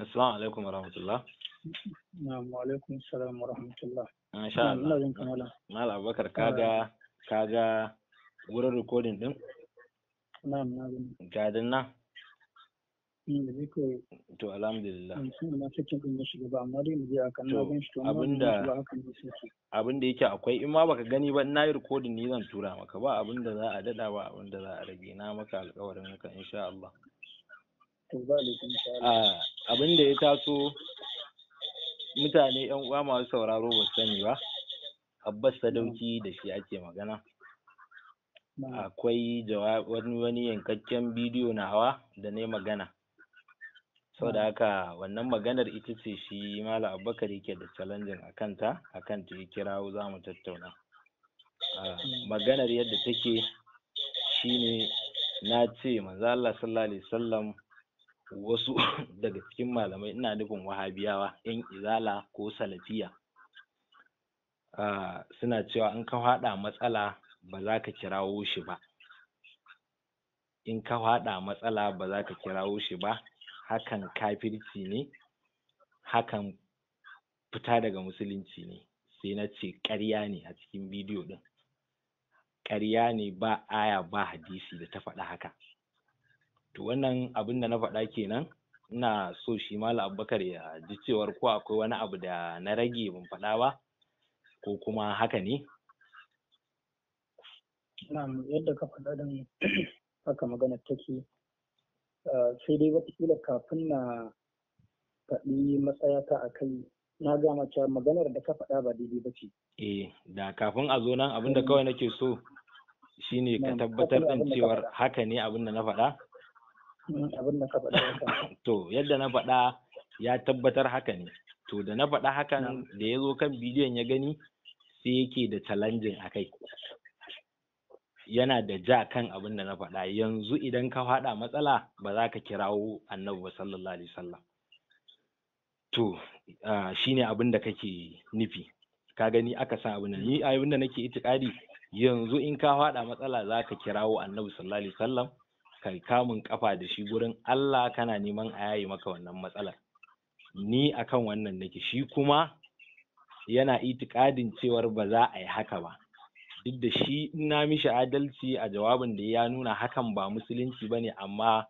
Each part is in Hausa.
Assalamu alaikum warahmatullah. Na'am wa alaikum assalam warahmatullah. Masha Allah. Mala Abubakar kaga kaga wurin recording din? Na'am na gani. Gadin nan? To alhamdulillah. Abin da yake akwai in ma baka gani ba na yi recording ne zan tura maka ba abin da za a dada ba abin da za a rage na maka alƙawarin haka insha Allah. abin da ya taso mutane yan uwa masu sauraro ba su sani ba Abbas Sadauki mm. da shi ake magana mm. akwai wani wani yankakken bidiyo na hawa da na magana Sau da mm. haka wannan maganar ita ce shi Malam Abubakar yake da challenge a kanta a kanta ya kira za mu tattauna maganar yadda take shine na ce manzo Allah sallallahu alaihi wasallam wasu daga cikin malamai ina nufin wahabiyawa yan izala ko salafiya ah, suna cewa in ka faɗa matsala ba za ka kirawo shi ba in ka faɗa matsala ba za ka kirawo shi ba hakan kafirci ne hakan fita daga musulunci ne sai na ce ƙarya ne a cikin bidiyo ɗin ƙarya ne ba aya ba hadisi da ta faɗi haka to wannan abun da na faɗa kenan ina so shi malam Abubakar ya ji cewar ko akwai wani abu da na rage ban faɗa ba ko kuma haka ne na'am yadda ka faɗa din haka magana take ah, sai dai wataƙila kafin na faɗi matsaya ta a kai na ga mace maganar da ka faɗa ba daidai ba ce eh da kafin a zo nan abin da um, kawai nake so shine ka tabbatar din cewar haka ne abin da na faɗa abin da ka faɗa to yadda na faɗa ya tabbatar haka ne to da na faɗa hakan da ya zo kan bidiyon ya gani sai yake da challenging a kai yana da ja kan abin da na faɗa yanzu idan ka faɗa matsala ba za ka kirawo annabi sallallahu alaihi wasallam to ne abin da kake nufi ka gani aka sa abin ni abin da nake itikadi yanzu in ka faɗa matsala za ka kirawo annabi sallallahu alaihi wasallam kai kamun ƙafa da shi gurin Allah kana neman a yayi maka wannan matsalar ni akan wannan nake shi kuma yana itikadin cewar ba za a yi haka ba duk da shi na mishi adalci a jawabin da ya nuna hakan ba musulunci ba ne amma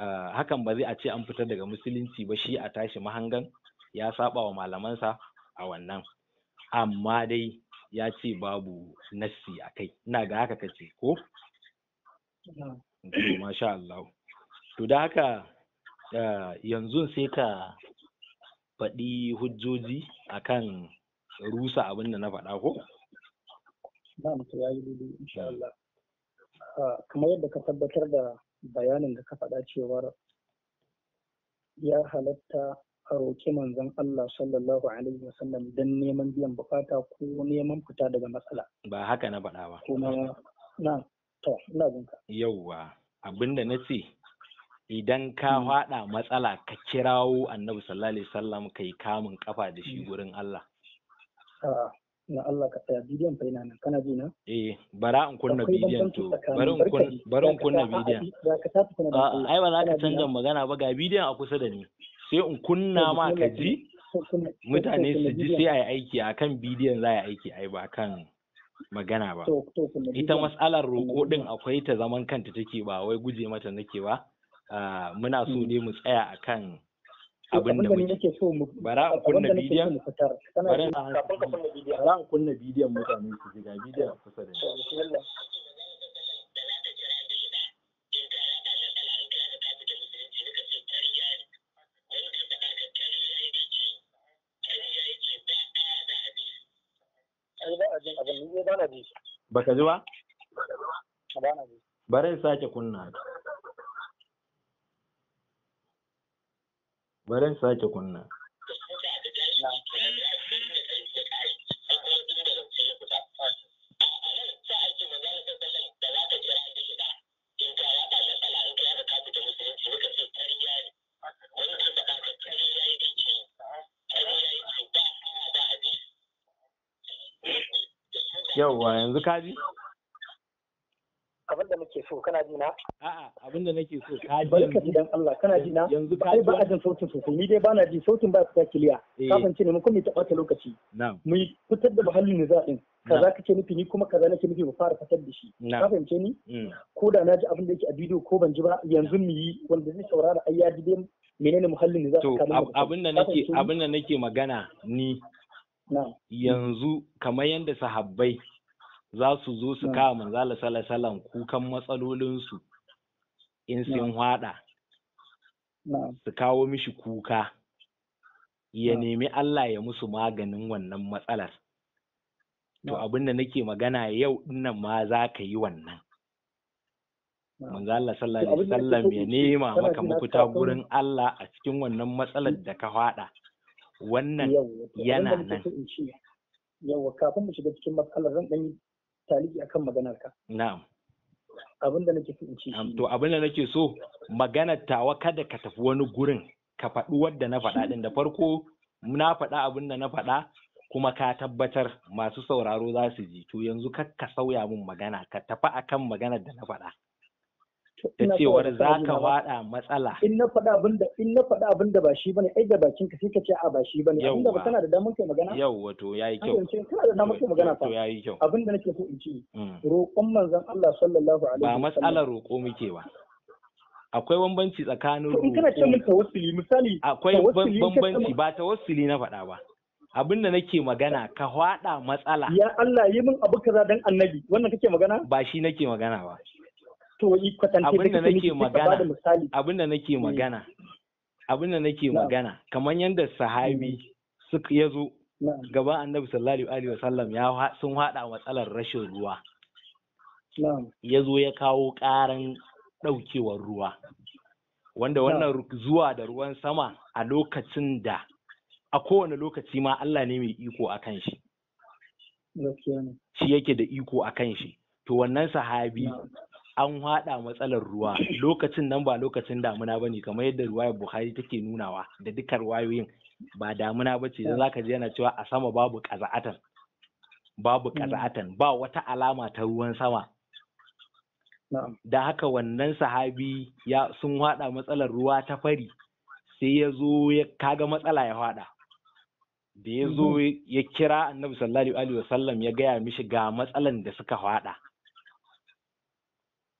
eh, hakan ba zai a ce an fitar daga musulunci ba shi a tashi mahangan ya saba wa malamansa a wannan amma dai ya ce babu nassi a kai ina ga haka kace ko to masha Allah to da haka yanzu sai ka faɗi hujjoji akan rusa abin da na faɗa ko na'am to yayi daidai insha Allah kamar yadda ka tabbatar da bayanin da ka faɗa cewar ya halatta a roƙi manzon Allah sallallahu alaihi wasallam don neman biyan bukata ko neman fita daga matsala. Ba haka na faɗa ba. Kuma na To, ina jin ka. Yawwa, abinda na ce idan ka hmm. faɗa matsala ka kirawo Annabi sallallahu alaihi wasallam yi kamun kafa da shi gurin hmm. Allah. na Allah ka tsaya bidiyon fa ina nan kana ji na? Eh, bara in kunna bidiyon to, bari in kunna bari in kunna bidiyon. A'a, ai ba za ka canza magana ba ga bidiyon a kusa da ni. Sai in kunna ma ka ji mutane su ji sai a yi aiki a kan bidiyon za a yi aiki ai ba kan magana ba ita matsalar roƙo ɗin akwai ta zaman kanta take ba wai guje mata nake ba ah, muna so hmm. ne mu tsaya akan abin da muke so mu bara a kunna bidiyon bara a kunna bidiyon mutane su ji bidiyon kusa da ni Ni ba ji. Baka ji ba? Ba ji. Bari sake kunna. Bari sake kunna. yauwa yanzu ka ji abinda nake so kana ji na a'a abinda nake so ka ji barka dan Allah kana ji na yanzu ka ji ba a jin sautin sosai ni dai bana ji sautin ba ta kiliya Kafin ce ne mun kuma ta bata lokaci mu fitar da muhallin za kaza kake nufi ni kuma kaza nake nufi mu fara fitar da shi ka fahimce ni mm. ko da na ji abin da yake a bidiyo ko ban ji ba yanzu mu yi wanda zai saurara ai ya ji dai menene muhallin niza to abin da nake abin da nake magana ni yanzu kamar yanda sahabbai za su zo su kawo manzala sallallahu kukan matsalolinsu in sun haɗa su kawo mishi kuka ya nemi Allah ya musu maganin wannan matsalar to abin da nake magana yau dinnan ma za ka yi wannan manzo Allah sallallahu alaihi wasallam ya nema maka mafuta gurin Allah a cikin wannan matsalar da ka haɗa wannan yana nan yawa kafin mu shiga cikin matsalar zan dan taliki akan maganar ka na'am abin da nake so in to abin da nake so maganar tawa kada ka tafi wani gurin ka faɗi wadda na faɗa din da farko na faɗa abin da na faɗa kuma ka tabbatar masu sauraro za su ji to yanzu kar ka sauya min magana ka tafi akan maganar da na faɗa ce cewar za ka wada matsala. In na faɗa abin da in na faɗa abin da ba shi bane ai da bakin ka sai ka ce a ba shi bane abin da ba kana da damar kai magana. Yawwa to yayi kyau. Kana da damar kai magana fa. To yayi kyau. Abin da nake so in ce mm. roƙon manzon Allah sallallahu alaihi wasallam. Ba matsalar roƙo muke ba. Akwai bambanci tsakanin roƙo. In kana ce min tawassuli misali. Akwai bambanci ba tawassuli na faɗa ba. abin da nake magana ka hwada matsala ya Allah yi min abu kaza dan annabi wannan kake magana ba shi nake magana ba to yi kwatance nake hmm. magana abin da nake magana abin da nake magana kamar yadda sahabi hmm. suka ya zo gaba annabi sallallahu alaihi wasallam ya sun hada matsalar rashin ruwa ya zo ya kawo karan daukewar ruwa wanda wannan zuwa da ruwan sama a lokacin da a kowane lokaci ma Allah ne mai iko a kan shi shi yake da iko a kan shi to wannan sahabi an haɗa matsalar ruwa lokacin nan ba lokacin damuna ba ne kamar yadda ruwayar buhari take nunawa da dukkan wayoyin ba damuna ba ce za ka ji yana cewa a sama babu ƙaza'atan babu mm. ƙaza'atan ba wata alama ta ruwan sama da haka wannan sahabi ya sun haɗa matsalar ruwa ta fari sai ya zo ya kaga matsala ya haɗa da ya zo mm-hmm. ya kira annabi sallallahu alaihi wasallam ya gaya mishi ga matsalan da suka haɗa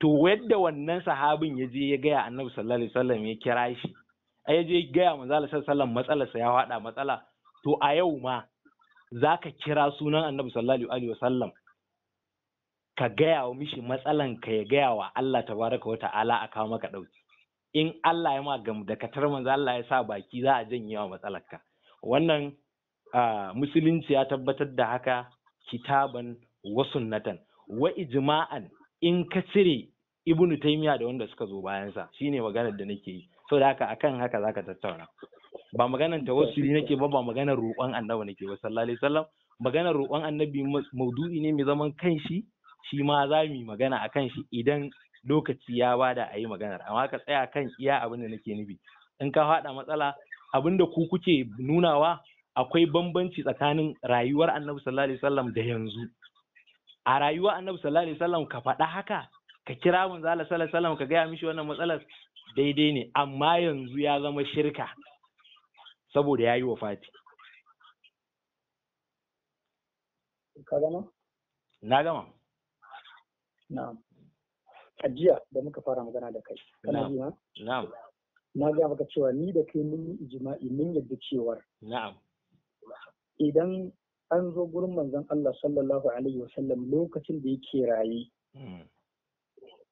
to yadda wannan sahabin ya je ya gaya annabi sallallahu alaihi wasallam ya kira shi ai ya je ya gaya manzo sallallahu alaihi wasallam matsalarsa ya fada matsala to a yau ma zaka kira sunan annabi sallallahu alaihi wasallam ka gaya wa mishi matsalan ka ya gaya wa Allah tabaraka wa ta'ala a kawo maka dauki in Allah ya ma gamu da katar manzo Allah ya sa baki za a janye wa matsalarka wannan musulunci ya tabbatar da haka kitaban wasunnatan wa ijma'an in ka cire ibn taymiya da wanda suka zo bayansa shine maganar da nake yi da haka akan haka zaka tattauna ba maganar ta wasu ne nake ba ba maganar roƙon annabi nake ba sallallahu alaihi wasallam maganar roƙon annabi maudu'i ne mai zaman kanshi shi ma za mu yi magana akan shi idan lokaci ya bada a yi maganar amma ka tsaya kan iya abin da nake nufi in ka faɗa matsala abin da ku kuke nunawa akwai bambanci tsakanin rayuwar annabi sallallahu alaihi wasallam da yanzu a rayuwa annabi sallallahu alaihi wasallam ka faɗa haka ka kira manzo Allah sallallahu alaihi wasallam ka gaya mishi wannan matsalar daidai ne amma yanzu ya zama shirka saboda yayi wafati ka gama na gama na'am ajiya da muka fara magana da kai kana ji ma na'am na ga maka cewa ni da kai mun ijma'i mun yadda cewar na'am idan an zo gurin manzon Allah sallallahu alaihi wasallam lokacin da yake raye hmm.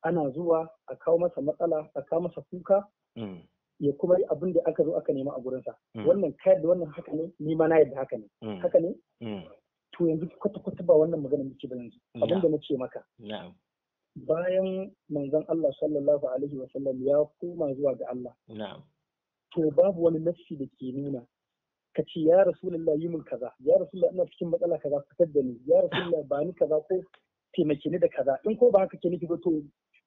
ana zuwa a kawo masa matsala a kawo masa kuka hmm. ya kuma yi abin da aka zo aka nema a gurinsa hmm. wannan kayar da wannan haka ne ni ma na yadda haka ne haka ne to yanzu kwata kwata ba wannan magana muke ba yanzu abin da nace maka bayan manzon Allah sallallahu alaihi wasallam ya koma zuwa ga Allah to babu wani nafsi da ke nuna ka ce ya rasulullah yi min kaza ya rasulullah ina cikin matsala kaza fitar da ni ya rasulullah ba ni kaza ko taimake ni da kaza in ko ba haka ke nufi ba to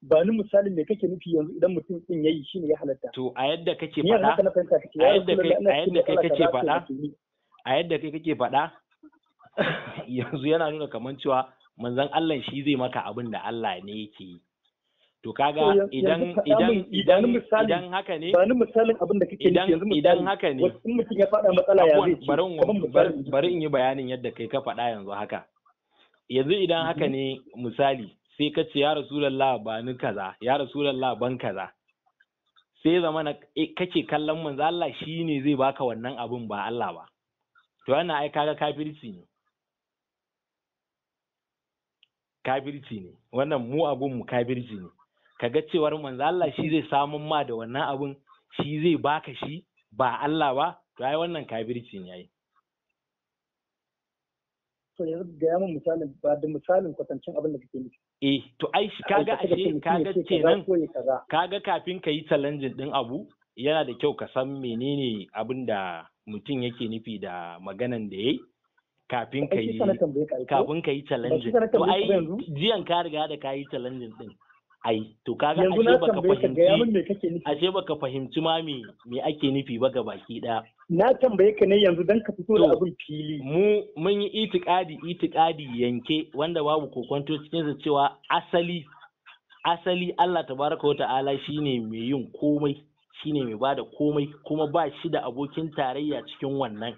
ba ni misalin me kake nufi yanzu idan mutum din yayi shine ya halatta to a yadda kake faɗa a yadda kai a yadda kai kake faɗa a yadda kai kake faɗa yanzu yana nuna kaman cewa manzon Allah shi zai maka abin da Allah ne yake yi to kaga eh, idan idan eh, idan idan haka ne ba ni misalin abin da kake idan idan haka ne wasu mutum ya faɗa matsala ya zai bari in yi bayanin yadda kai ka faɗa yanzu haka yanzu idan mm-hmm. haka ne misali sai ka ce ya rasulullah ba ni kaza ya rasulullah ban kaza sai zama na eh, kake kallon manzo Allah shine zai baka wannan abin ba Allah ba to wannan ai kaga kafirci ne kafirci ne wannan mu abun mu kafirci ne ka ga cewar manzo Allah shi zai samun ma da wannan abun shi zai baka shi ba Allah ba to ai wannan kafirci ne yayi to yanzu ga yamin misalin ba da misalin kwatancin abin da kake nufi eh to ai kaga ashe kaga kenan kaga kafin ka yi challenge din abu yana da kyau ka san menene abin da mutum yake nufi da maganan da yayi kafin ka yi kafin ka yi challenge to ai jiyan ka riga da ka yi challenge din ai to kaga ashe baka fahimci ashe baka fahimci ma me me ake nufi ba ga baki daya na tambaye ka ne yanzu dan ka fito da abin fili mu mun yi itikadi itikadi yanke wanda babu kokonto cikin sa cewa asali asali Allah tabaraka wata'ala shine mai yin komai shine mai bada komai kuma ba shi da abokin tarayya cikin wannan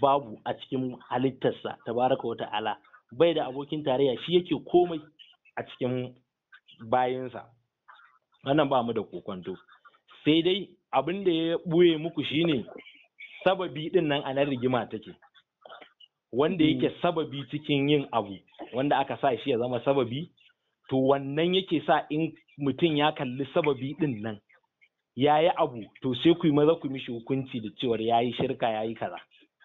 babu a cikin halittarsa tabaraka wata'ala bai da abokin tarayya shi yake komai a cikin bayinsa wannan ba mu da kokonto sai dai abin da ya ɓuye muku shine sababi din nan a nan rigima take wanda mm. yake sababi cikin yin abu wanda aka sa shi ya zama sababi to wannan yake sa in mutum ya kalli sababi din nan ya yi abu to sai ku yi maza ku mishi hukunci da cewar ya yi shirka ya yi kaza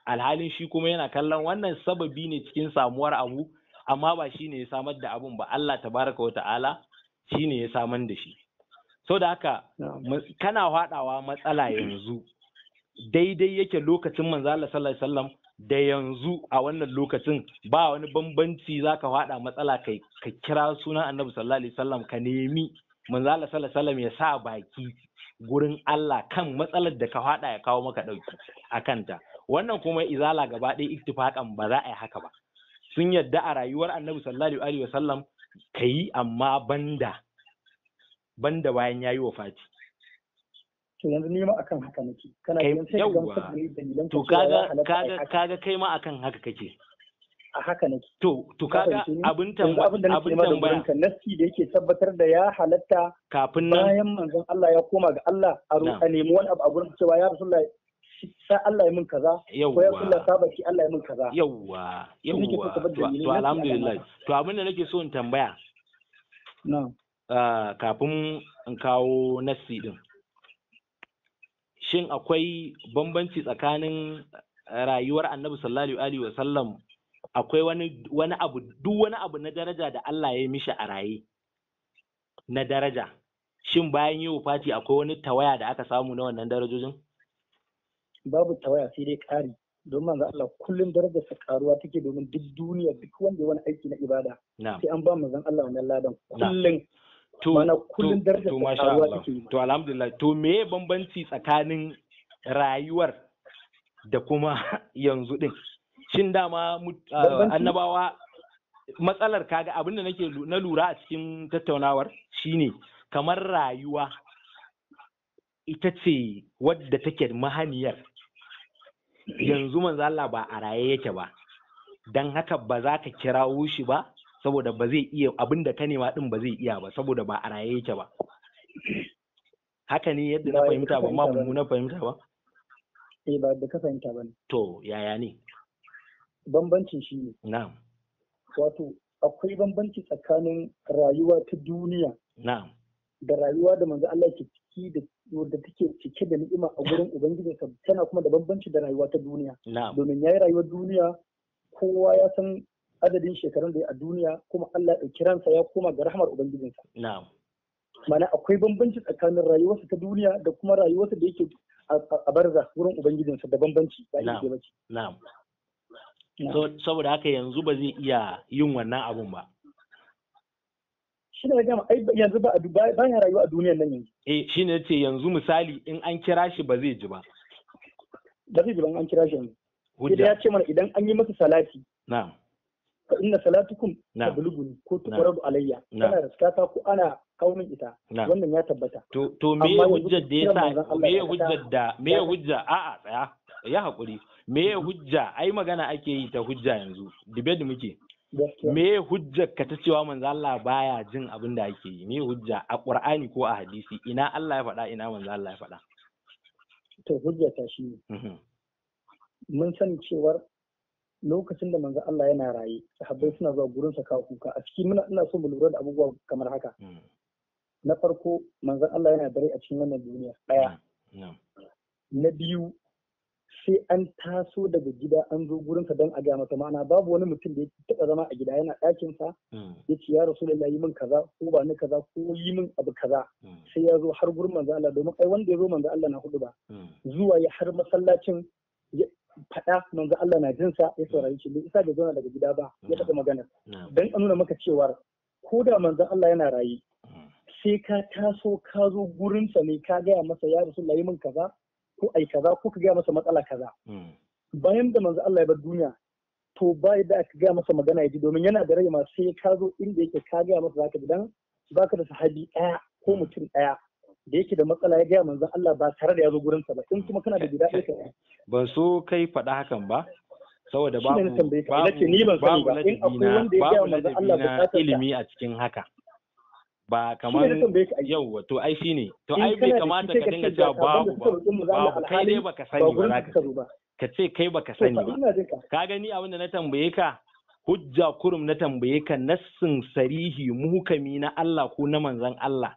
alhalin shi kuma yana kallon wannan sababi ne cikin samuwar abu amma ba shi ne ya samar da abun ba Allah tabaraka wa ta'ala shine ya samar da shi so da haka kana haɗawa matsala yanzu daidai yake lokacin manzala sallallahu alaihi da yanzu a wannan lokacin ba wani bambanci zaka haɗa matsala kai ka kira sunan annabi sallallahu alaihi wasallam ka nemi manzala sallallahu alaihi wasallam ya sa baki gurin Allah kan matsalar da ka haɗa ya kawo maka ɗauki a kanta wannan kuma izala gaba ɗaya ittifaqan ba za a yi haka ba sun yadda a rayuwar annabi sallallahu alaihi wasallam ka yi amma banda banda bayan ya yi wa fati to yanzu ni ma da kaga kai ma akan haka kake a haka nake to to kaga abin tambaya abin tambaya yake tabbatar da ya kafin nan bayan manzon Allah ya koma ga Allah a roƙa nemi wani abu a gurin cewa ya Rasulullahi sa Allah ya min kaza ko ya kulla sa baki Allah ya min kaza yawwa yawwa to alhamdulillah to abin da nake so in tambaya na'am ah, kafin in kawo nassi din shin akwai bambanci tsakanin rayuwar annabi sallallahu alaihi wasallam akwai wani wani abu duk wani abu na daraja da Allah ya mishi a raye na daraja shin bayan yi Fati akwai wani tawaya da aka samu na wannan darajojin babu tawaya sai dai ƙari don manzo Allah kullum darajar sa karuwa take domin duk duniya duk wanda wani aiki na ibada sai an ba manzon Allah wannan ladan kullum to mana kullun darajar sa karuwa take to alhamdulillah to me bambanci tsakanin rayuwar da kuma yanzu din shin dama ah, annabawa matsalar kaga abin da nake na lura a cikin tattaunawar shine kamar rayuwa ita ce wadda take mahaniyar yanzu manzo Allah ba a raye yake ba dan haka ba za ka kira shi ba saboda ba zai iya abinda ka nema din ba zai iya ba saboda ba a raye yake ba haka ne yadda na fahimta ba ma mu na fahimta ba eh ba da ka fahimta ba ne to yaya ne bambancin shi ne na'am wato akwai bambanci tsakanin rayuwa ta duniya na'am da rayuwa da manzo Allah ke ciki da wadda take cike da ni'ima a gurin ubangijinsa tana kuma da bambanci da rayuwa ta duniya domin yayi rayuwar duniya kowa ya san adadin shekarun da ya a duniya kuma Allah ya sa ya koma ga rahmar ubangijinsa mana akwai bambanci tsakanin rayuwarsa ta duniya da kuma rayuwarsa da yake a barza wurin ubangijinsa da bambanci ba yake bace saboda haka yanzu ba zai iya yin wannan abun ba shi ne gama ai yanzu ba ba ya rayuwa a duniyar nan yanzu eh shi ne ce yanzu misali in an kira shi ba zai ji ba ba zai ji ba an kira shi yanzu idan ya ce mana idan an yi masa salati na'am fa inna salatukum tabluguni ko tuqradu alayya kana riskata ko ana kaunin ita wannan ya tabbata to to me hujjar da yasa me hujjar da me hujja a'a tsaya ya hakuri me hujja ai magana ake yi ta hujja yanzu debate muke me hujja ka ta cewa manzo Allah baya jin abin da ake yi me hujja a Qur'ani ko a hadisi ina Allah ya faɗa ina manzo Allah ya faɗa to hujja ta shi mhm. mun san cewar lokacin da manzo Allah yana raye sahabbai suna zuwa gurin sa kawo kuka a cikin muna ina so mu lura da abubuwa kamar haka mm. na farko manzo Allah yana dare a cikin wannan duniya daya mm. na biyu sai an taso daga gida an zo gurinsa don a ga mata ma'ana babu wani mutum da ya taɓa zama a gida yana ɗakinsa hmm. ya ce ya rasu yi min kaza ko ba ni kaza ko yi min abu kaza hmm. sai ya zo har gurin manzo Allah domin ai wanda ya zo manzo Allah na hudu ba hmm. zuwa ya har masallacin ya faɗa manzo Allah na jinsa ya saurari shi bai isa da zauna daga gida ba ya taɓa magana dan an nuna maka cewar ko da manzo Allah yana rayu sai ka taso ka zo gurinsa ne ka gaya masa ya rasu yi min kaza ko ai kaza ko ka gaya masa matsala kaza hmm. bayan da manzo Allah ya bar duniya to bai da aka gaya masa magana yaji domin yana da rai ma sai ka zo inda yake ka gaya masa zaka dan baka da sahabi ɗaya ko hmm. mutum ɗaya da yake da matsala ya gaya manzo Allah ba tare da ya zo gurin sa ba in kuma kana da gida ɗaya ka ban so kai faɗa hakan ba saboda babu babu babu ladabi ba ilimi a cikin haka ba kamar yau wato ai shi ne to ai bai kamata ka dinga cewa babu ba babu kai dai baka sani ba za ka ce kai baka sani ba ka gani abin da na tambaye ka hujja kurum na tambaye ka nassin sarihi muhukami na Allah ko na manzon Allah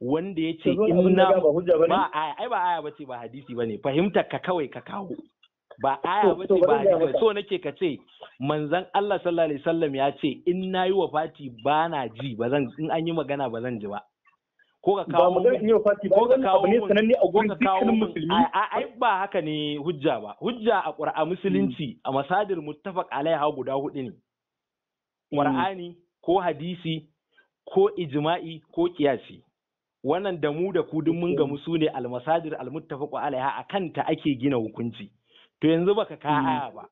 wanda yace ce inna ba aya ai ba aya bace ba hadisi bane fahimtar ka kawai ka kawo ba aya ba ce ba hadisi so nake ka ce manzan Allah sallallahu alaihi wasallam ya ce in nayi wafati ba na ji ba zan in an yi magana ba zan ji ba ko ka kawo ba mun ko ka kawo ne sananne a gurin dukkan musulmi ai ba haka ne hujja ba hujja a qur'a musulunci mm. a masadir muttafaq alaiha guda hudu ne mm. qur'ani ko hadisi ko ijma'i ko kiyasi wannan da mu da ku duk mun ga musu ne almasadir almuttafaqu alaiha akan ta ake gina hukunci to yanzu baka ka mm. aya ba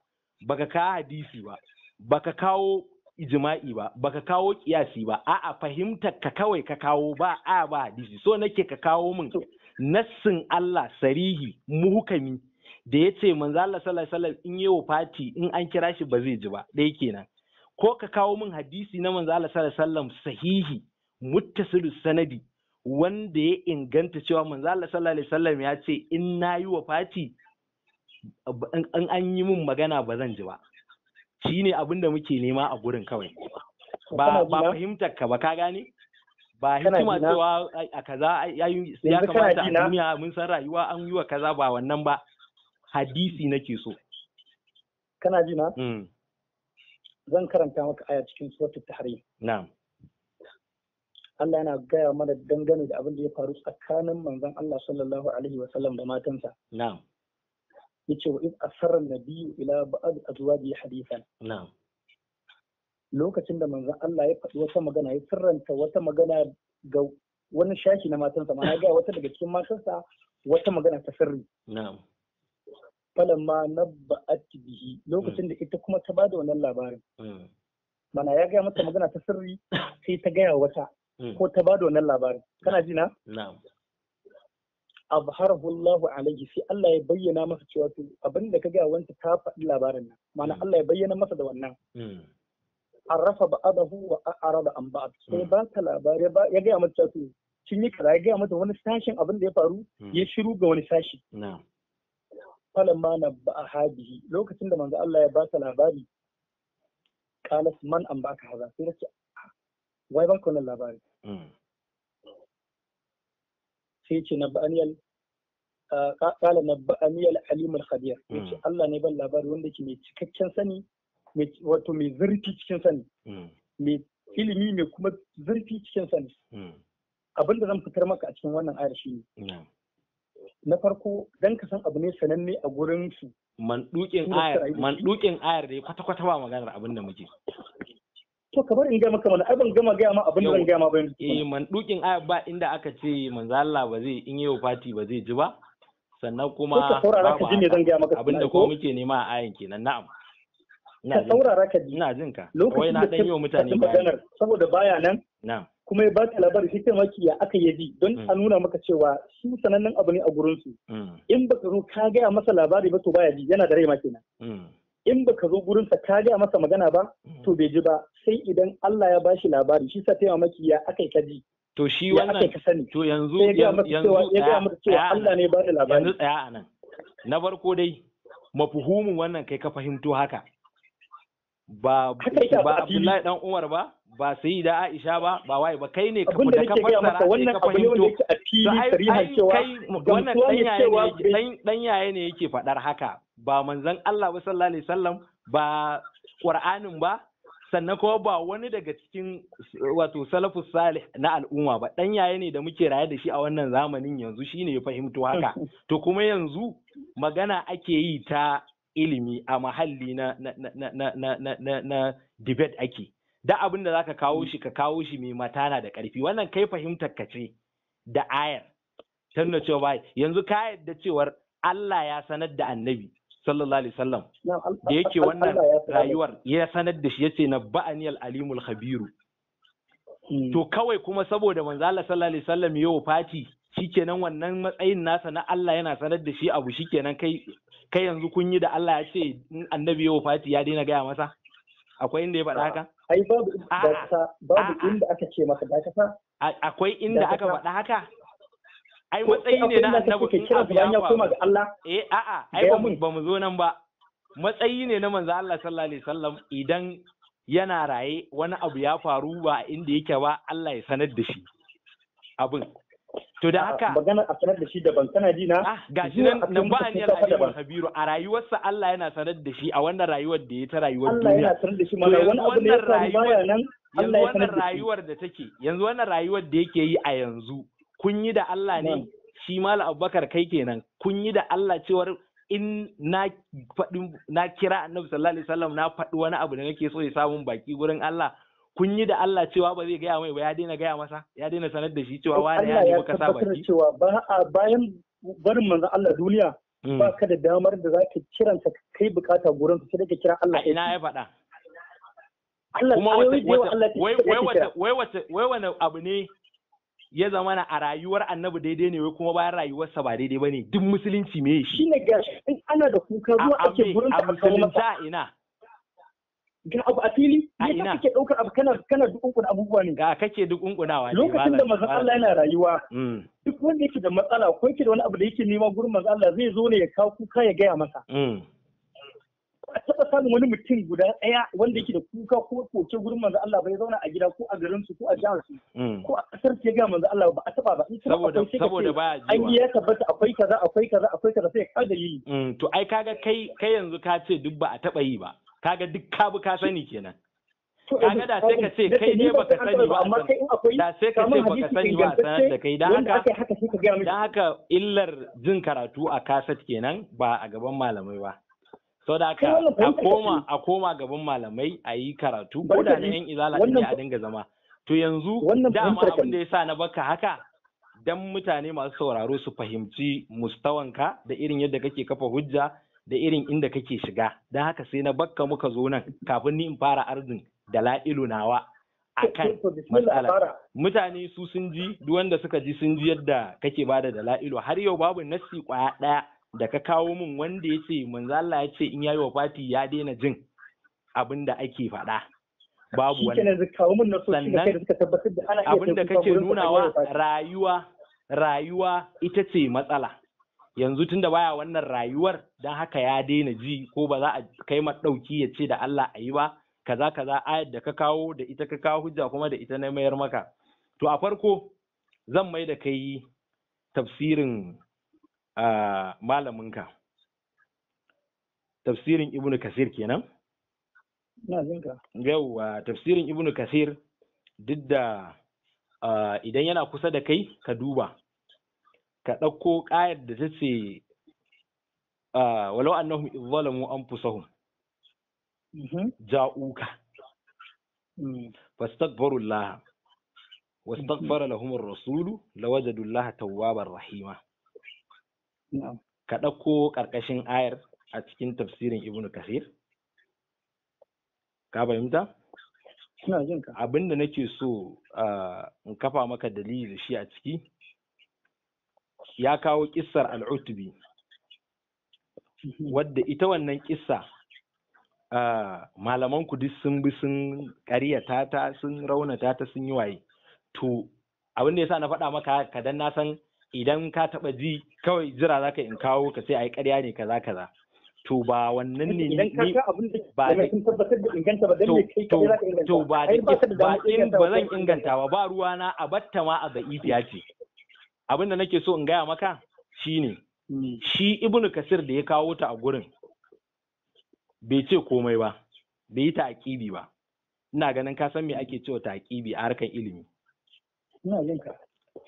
baka ka hadisi ba baka kawo ijma'i ba baka kawo kiyasi ba a'a fahimta ka kawai ka kawo ba a ba hadisi so nake ka kawo min nassin Allah sarihi muhukami da ya ce manzo Allah sallallahu alaihi wasallam in yi fati in an kira shi ba zai ji ba dai kenan ko ka kawo min hadisi na manzo Allah sallallahu alaihi wasallam sahihi muttasilu sanadi wanda ya inganta cewa manzo Allah sallallahu alaihi wasallam ya ce in nayi wa fati in an yi min magana ba zan ji ba shine abin da muke nema a gurin kawai ba ba fahimtar ka ba ka gane ba hikima cewa a kaza ya kamata a duniya mun san rayuwa an yi wa kaza ba wannan ba hadisi nake so kana ji na hmm. zan karanta maka aya cikin suratul tahrim na'am Allah yana gaya mana dangane da abin da ya faru tsakanin manzon Allah sallallahu alaihi wa sallam da matansa na'am yace wa in asarra nabiyyu ila ba'd azwaji hadithan na'am lokacin da manzon Allah ya faɗi wata magana ya sirranta wata magana ga wani shashi na matansa ma'ana ga wata daga cikin matansa wata magana ta sirri na'am falamma nabba'at bihi lokacin da ita kuma ta bada wannan labarin mana hmm. ya gaya mata magana ta sirri sai ta gaya wata hmm. ko ta bada wannan labarin kana ji na na'am azharahu Allah alaihi sai Allah ya bayyana masa cewa to abin da ka ga wanta ta faɗi labarin nan ma'ana Allah ya bayyana masa da wannan arrafa ba'adahu wa arada an ba'ad sai ba ta labari ya ga mata cewa to kin yi kaza ya ga mata wani sashin abin da ya faru ya shiru ga wani sashi falamma na ba'a lokacin da manzo Allah ya ba ta labari qalas man an baka hada sai ta ce wai ban kullun labari sai ce na ba'aniyar ƙala na ba'aniyal alimul khabir hmm. ce Allah ne ban labari wanda ke mai cikakken sani wato mai zurfi cikin sani hmm. mai ilimi mai kuma zurfi cikin sani hmm. abin da zan fitar maka a cikin wannan ayar shi ne na farko dan ka san abu ne sananne a gurin su man dukin ayar man dukin ayar dai kwata kwata ba maganar abin da muke to ka in gama maka mana ai ban gama gaya ma abin da zan gaya ma ba yanzu eh man dukin aya ba inda aka ce manzo Allah ba zai in yau fati ba zai ji ba sannan kuma ka saurara ka ji zan gaya maka abin da kuma muke nema a ayin kenan na'am ka saurara ka ji ina jin ka wai na dan yau mutane ba saboda baya nan na'am kuma ya ba ta labari shi maki ya aka yi ji don mm. a nuna maka cewa su sanannen abu ne a gurinsu mm. in baka zo ka gaya masa labari ba to baya ji yana da rai ma kenan mm. in ba ka zo gurinsa ka gaya masa magana ba mm. to bai ji ba sai idan Allah ya bashi labari shi sa taimaka maki ya akai ka ji to shi wannan to yanzu yanzu ya ga masa cewa Allah ne ba da labari yanzu tsaya anan na farko dai mafuhumin wannan kai ka fahimto haka ba ba Abdullahi dan Umar ba ba su yi da Aisha ba ba wai ba kai ne ka da ka fassara wannan ka fahimto kai wannan dan yaye ne yake faɗar haka ba manzon Allah ba sallallahu alaihi wasallam ba Qur'anin ba sannan kuma ba wani daga cikin wato salafu salih na al'umma ba dan yaye ne da muke raye da shi a wannan zamanin yanzu shine ya fahimto haka to kuma yanzu magana ake yi ta ilimi a mahalli na na na na na, na, na debate ake da abin da zaka kawo mm. shi ka kawo shi mai matana da ƙarfi wannan kai fahimtar ka ce da ayar ta cewa bai yanzu ka yadda cewar Allah ya sanar da annabi sallallahu alaihi wasallam da yake wannan rayuwar ya sanar da shi yace na ba'aniyal alimul khabiru mm. to kawai kuma saboda manzo Allah sallallahu alaihi wasallam yau fati shikenan wannan matsayin nasa na Allah yana sanar da shi abu shikenan kai kai yanzu kun yi da Allah ya ce annabi yau fati ya daina gaya masa akwai inda ya faɗa haka ai babu inda aka ce maka da kafa akwai inda aka faɗa haka ai matsayi ne na annabi in abu ya koma ga Allah eh a'a ai ba mu zo nan ba matsayi ne na manzo Allah sallallahu alaihi wasallam idan yana raye wani abu ya faru ba inda yake ba Allah ya sanar da shi abin To da haka magana a sanar da shi daban kana ji na ah, ga shi nan nan ba aniyar Aliyu Habiru a rayuwarsa Allah yana sanar da shi a wannan rayuwar da ya ta rayuwar duniya. Allah yana sanar da shi ma wani abu ne ya nan Allah ya sanar da Yanzu rayuwar da take yanzu wannan rayuwar da yake yi a yanzu kun yi da Allah ne shi Malam Abubakar kai kenan kun yi da Allah cewar in na faɗi na kira Annabi sallallahu alaihi wasallam na faɗi wani abu da nake so ya samu baki gurin Allah kun yi da Allah cewa ba zai gaya mai ba ya daina gaya masa ya daina sanar da shi cewa da ya ne maka sa baki cewa ba a bayan barin manzon Allah duniya hmm. ba ka da damar da zaka kiransa kai bukata gurin sai ka kira Allah ina ya faɗa kuma wai wani abu ne ya zama na a rayuwar annabi daidai ne wai kuma bayan rayuwarsa ba daidai ba ne duk musulunci me shi shine gashi ana da kuka zuwa ake gurin a musulunta ina ga abu a fili ne ka kake daukar abu kana kana dukunkuna abubuwa ne ga kake dukunkunawa ne lokacin da manzon Allah yana rayuwa mm. duk wanda yake da matsala ko yake da wani abu da yake nema gurin manzon Allah zai zo ne ya kawo kuka ya gaya masa mm. a taɓa samun wani mutum guda ɗaya wanda yake da kuka ko koke gurin manzo Allah bai zauna a gida ko a garin su ko a jihar su mm. ko a kasar ke ga manzo Allah ba a taɓa ba in kuma akwai sai saboda baya jiwa an ya tabbata akwai kaza akwai kaza akwai kaza sai ka dalili to ai kaga kai kai yanzu ka ce duk ba a taɓa yi ba kaga duk ka bi ka sani kenan eh, kaga da sai ka ce eh, kai ne baka sani ba da sai ka ce baka sani ba a sanar da kai dan haka dan haka illar jin karatu a kaset kenan ba a gaban malamai ba da haka a koma a koma gaban malamai a yi karatu ko da na yan izala ne a dinga zama to yanzu da ma abin da yasa na baka haka dan mutane masu sauraro su fahimci mustawanka da irin yadda kake kafa hujja da irin inda kake shiga don haka sai na bakka muka zo nan kafin ni in fara arzin da la'ilu nawa kan matsala mutane su sun ji duk wanda suka ji sun ji yadda kake bada da la'ilu har yau babu nasi kwaya ɗaya da ka kawo min wanda ya ce manzala ya ce in yayi wa fati ya daina jin abin da ake faɗa babu wani sannan abin da kake nunawa rayuwa rayuwa ita ce matsala yanzu tunda baya wannan rayuwar don haka ya daina ji ko ba za a kai ma ɗauki ya ce da Allah a yi ba kaza kaza ayar da ka kawo da ita ka kawo hujja kuma da ita na mayar maka to a farko zan mai da kai tafsirin malaminka tafsirin ibnu kasir kenan yauwa tafsirin ibnu kasir duk da idan yana kusa da kai ka duba ka ɗauko ƙayar da ta ce ah, walau annahum izzalamu anfusahum mm-hmm. ja'uka mm. fastaghfiru laha wastaghfara mm-hmm. lahum rasulu lawajadu Laha tawwabar rahima ka ɗauko ƙarƙashin ayar a cikin tafsirin Ibn kasir ka fahimta abinda nake so ah, in kafa maka dalili da shi a ciki ya kawo kissar al'utubi wadda ita wannan kissa malaman ku duk sun bi sun ƙaryata ta sun raunata ta sun yi waye to abin da yasa na faɗa maka ka dan na san idan ka taɓa ji kawai jira zaka in kawo ka sai ai ƙarya ne kaza kaza to ba wannan ne ni ba ne to ba ba zan inganta ba ba ruwana a batta ma a za'ifiya ce abin da nake so in gaya maka shine hmm. shi Ibn kasir da ya kawo ta a gurin bai ce komai ba bai yi taƙibi ba ina ganin ka san me ake cewa taƙibi a harkar ilimi ina jin ka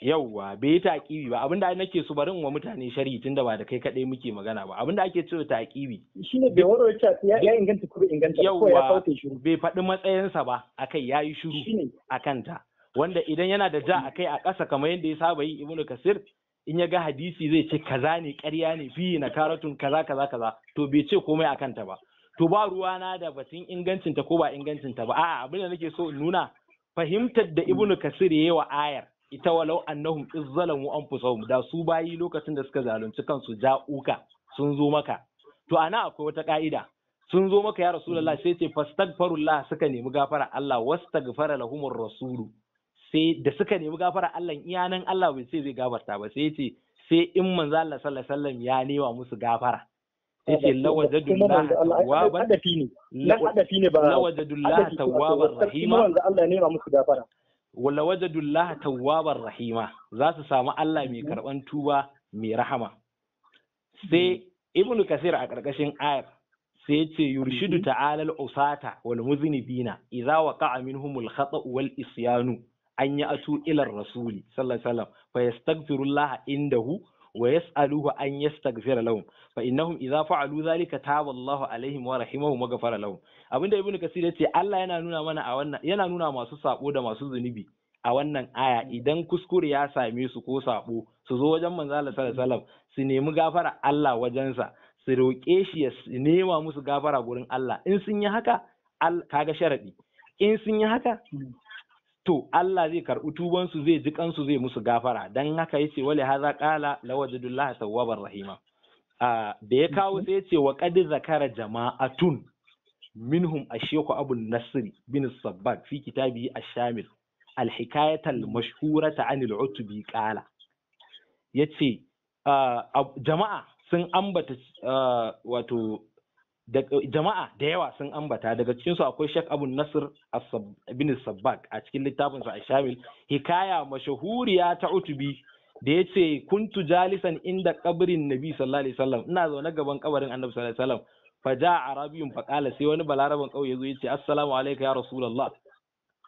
yauwa bai yi taƙibi ba abinda nake so barin wa mutane sharhi tunda ba da kai kadai muke magana ba abinda ake cewa taƙibi shine bai waro ya ya inganta kuma inganta ko ya kauce shiru bai faɗi matsayinsa ba akai yayi shiru akan ta wanda idan yana da ja a kai a ƙasa kamar yadda ya saba yi ibnu kasir in ya ga hadisi zai ce kaza ne ƙarya ne fi na karatun kaza kaza kaza to bai ce komai a kanta ba to ba ruwa na da batun ingancinta ko ba ingancinta ba a'a abin da nake so in nuna fahimtar da ibnu kasir yayi wa ayar ita walau annahum izzalamu anfusahum da su bayi lokacin da suka zalunci kansu ja'uka sun zo maka to ana akwai wata ka'ida sun zo maka ya rasulullah sai ce fastagfarullah suka nemi gafara Allah wastagfara lahumur rasulu sai da suka nemi gafara Allah iya Allah bai ce zai gafarta ba sai ce sai in manzo Allah sallallahu alaihi wasallam ya nema musu gafara yace lawajadullah tawwaban hadafi ne nan hadafi ne ba lawajadullah tawwaban rahima manzo Allah ya nema musu gafara wala wajadullah tawwaban rahima za su samu Allah mai karban tuba mai rahama sai ibnu kasir a karkashin ayar sai ce yurshidu ta'ala al-usata wal muzinibina idza waqa'a minhumul khata wal isyanu an yi atu ilar rasuli sallallahu alaihi wasallam fa yastaghfirullaha indahu wa yas'aluhu an yastaghfira lahum fa innahum idza fa'alu dhalika taba Allahu alaihim wa rahimahu wa ghafara lahum abinda ibn kasir yace Allah yana nuna mana a wannan yana nuna masu sabo da masu zunubi a wannan aya idan kuskure ya same su ko sabo su zo wajen manzo sallallahu alaihi wasallam su nemi gafara Allah wajensa su roƙe shi ya nema musu gafara gurin Allah in sun yi haka kaga sharadi in sun yi haka to Allah zai karɓi tubansu zai ji kansu zai musu gafara dan haka yace wali hadha qala lawajidullaha tawwabar rahima da ya kawo sai yace wa qad zakara jama'atun minhum ashiyaku abu nasr bin sabbat fi kitabi ash-shamil al-hikayat al-mashhurata an al-utbi qala yace jama'a sun ambata wato jama'a da yawa sun ambata daga cikinsu akwai Sheikh Abu Nasir bin Sabbak a cikin littafin sa Shamil hikaya mashahuriya ta Utubi da ya ce kuntu jalisan inda kabarin Nabi sallallahu alaihi wasallam ina zaune gaban kabarin Annabi sallallahu alaihi wasallam fa ja arabiyun fa qala sai wani balaraban kauye zo yace assalamu alayka ya rasulullah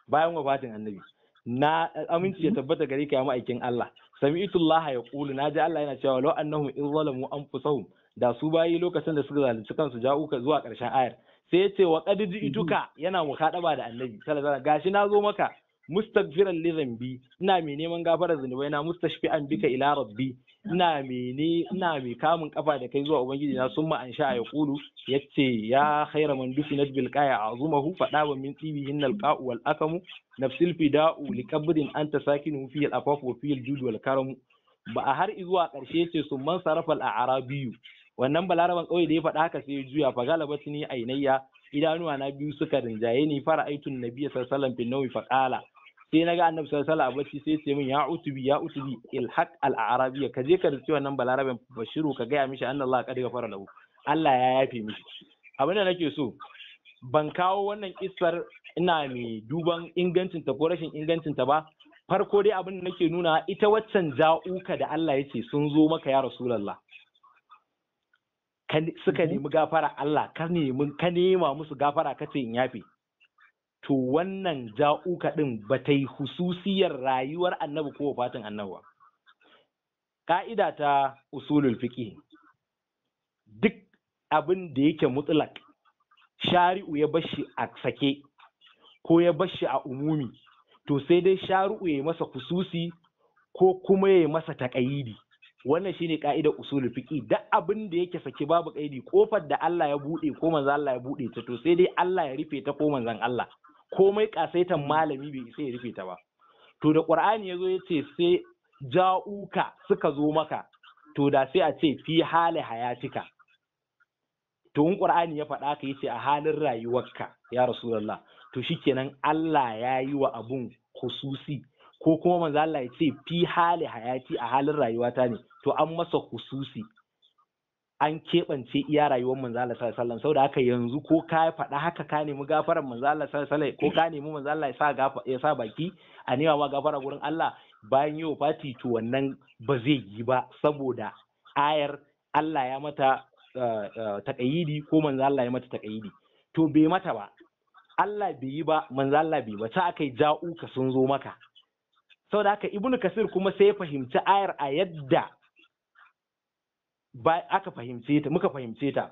bayan wafatin Annabi na aminci ya tabbata gare ka ya ma'aikin Allah sami'tu Allah ya qulu naji Allah yana cewa law annahum in zalamu anfusahum da su bayi lokacin da suka zalunci kansu ja'uka zuwa ƙarshen ayar sai yace wa qad ji'tuka yana mukhadaba da annabi sallallahu alaihi gashi na zo maka mustaghfiran li dhanbi ina mai neman gafarar zunubai na mustashfi'an bika ila rabbi ina ina mai kamun kafa da kai zuwa ubangiji na summa an sha ya kulu yace ya khaira man dufinat bil qaya azumahu fadaba min tibihin al qa'u wal akamu nafsil fida'u li kabrin anta sakinu fi al afaf wa fi al jud wal karam ba a har izuwa karshe yace summan sarafal a'rabiyu wannan balaraban ƙauye da ya faɗa haka sai ya juya fa galabat ni ainayya idanuwa na biyu suka rinjaye ni fara aitun nabiyyi sallallahu alaihi wasallam fi faqala sai na ga annabi sallallahu alaihi wasallam bacci sai ce min ya utubi ya utubi ilhaq al arabiyya ka je ka rike wannan balaraben bashiru ka gaya mishi anna Allah kad fara lahu Allah ya yafe mishi abin da nake so ban kawo wannan kissar ina mai duban ingancin ta ko rashin ingancin ta ba farko dai abin da nake nuna ita waccan ja'uka da Allah yace sun zo maka ya rasulullah suka mhm. nemi gafara Allah ka nemi ka nema musu gafara kace in yafe to wannan ja'uka din ba ta yi hususiyar rayuwar annabi ko fatan annabi ka'ida ta usulul fiqh duk abin da yake mutlak shari'u ya bashi a sake ko ya bashi a umumi to sai dai shari'u ya masa hususi ko kuma ya masa taƙayidi wannan shine ka'idar usul fiqi da abin da yake saki babu kaidi kofar da Allah ya bude ko manzon Allah ya bude ta to sai dai Allah ya rufe ta ko manzon Allah komai kasaitan malami bai sai ya rufe ta ba to da qur'ani yazo yace sai ja'uka suka zo maka to da sai a ce fi hali hayatika to in qur'ani ya faɗa ka yace a halin rayuwarka ya rasulullah to shikenan Allah ya yi wa abun khususi ko kuma manzo Allah ya ce fi hali hayati a halin rayuwata ne to an masa hususi an keɓance iya rayuwar manzala sallallahu alaihi wasallam haka yanzu ko ka faɗa haka ka nemi gafarar manzala sallallahu alaihi ko ka nemi manzala ya sa ya sa baki a nema ma gafara gurin Allah bayan yau fati to wannan ba zai yi ba saboda ayar Allah ya mata eh, eh, takayidi ko manzo Allah ya mata takayidi to bai mata ba Allah bai yi ba manzo Allah bai ba ta akai ja'u ka sun zo maka saboda haka ibnu kasir kuma sai ya fahimci ayar a yadda ba aka fahimce ta muka fahimce ta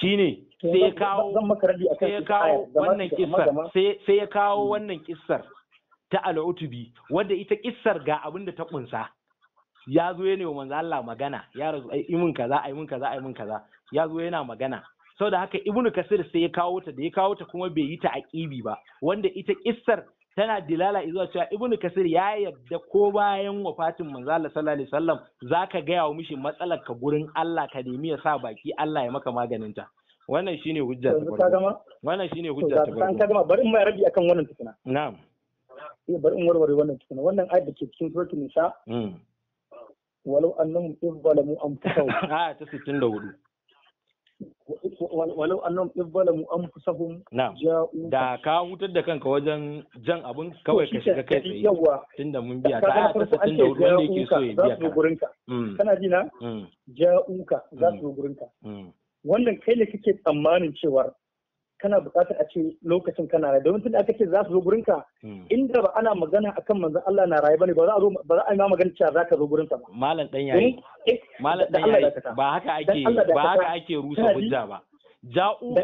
shine sai ya kawo sai ya kawo wannan kissar sai ya kawo wannan kissar ta al'utubi wanda ita kissar ga abin da ta kunsa ya zo yana manzo Allah magana ya razu ai imin kaza ai mun kaza ai mun kaza ya zo yana magana saboda haka ibnu kasir sai ya kawo ta da ya kawo ta kuma bai yi ta aqibi ba wanda ita kissar tana dilala izuwa cewa ibnu kasir ya yadda ko bayan wafatin manzo Allah sallallahu alaihi wasallam zaka ga yawo mishi matsalar ka gurin Allah ka nemi ya sa baki Allah ya maka maganin ta wannan shine hujja ta farko wannan shine hujja ta farko ka gama bari in mai rabi akan wannan tukuna na'am eh bari in warware wannan tukuna wannan ayat da ke cikin suratul nisa hmm. walau annahum iz zalamu anfusahum a ah, ta 64 walau annam ibbalamu anfusahum ja'u da ka hutar da kanka wajen jan abun kawai ka shiga kai tsaye tunda mun biya ta aya ta 64 wanda yake so ya biya ka mm. kana ji na mm. ja'uka za su mm. gurinka wannan kai ne kake tsammanin cewar kana buƙatar a ce lokacin kana rai, domin tunda aka ce za su zo gurin ka hmm. inda ba ana magana akan manzon Allah na rayu bane ba za a zo ba za a yi ma magana cewa ka zo gurin ka ba malam dan yayi eh, malam dan yayi ba haka ake ba haka ake rusa hujja ba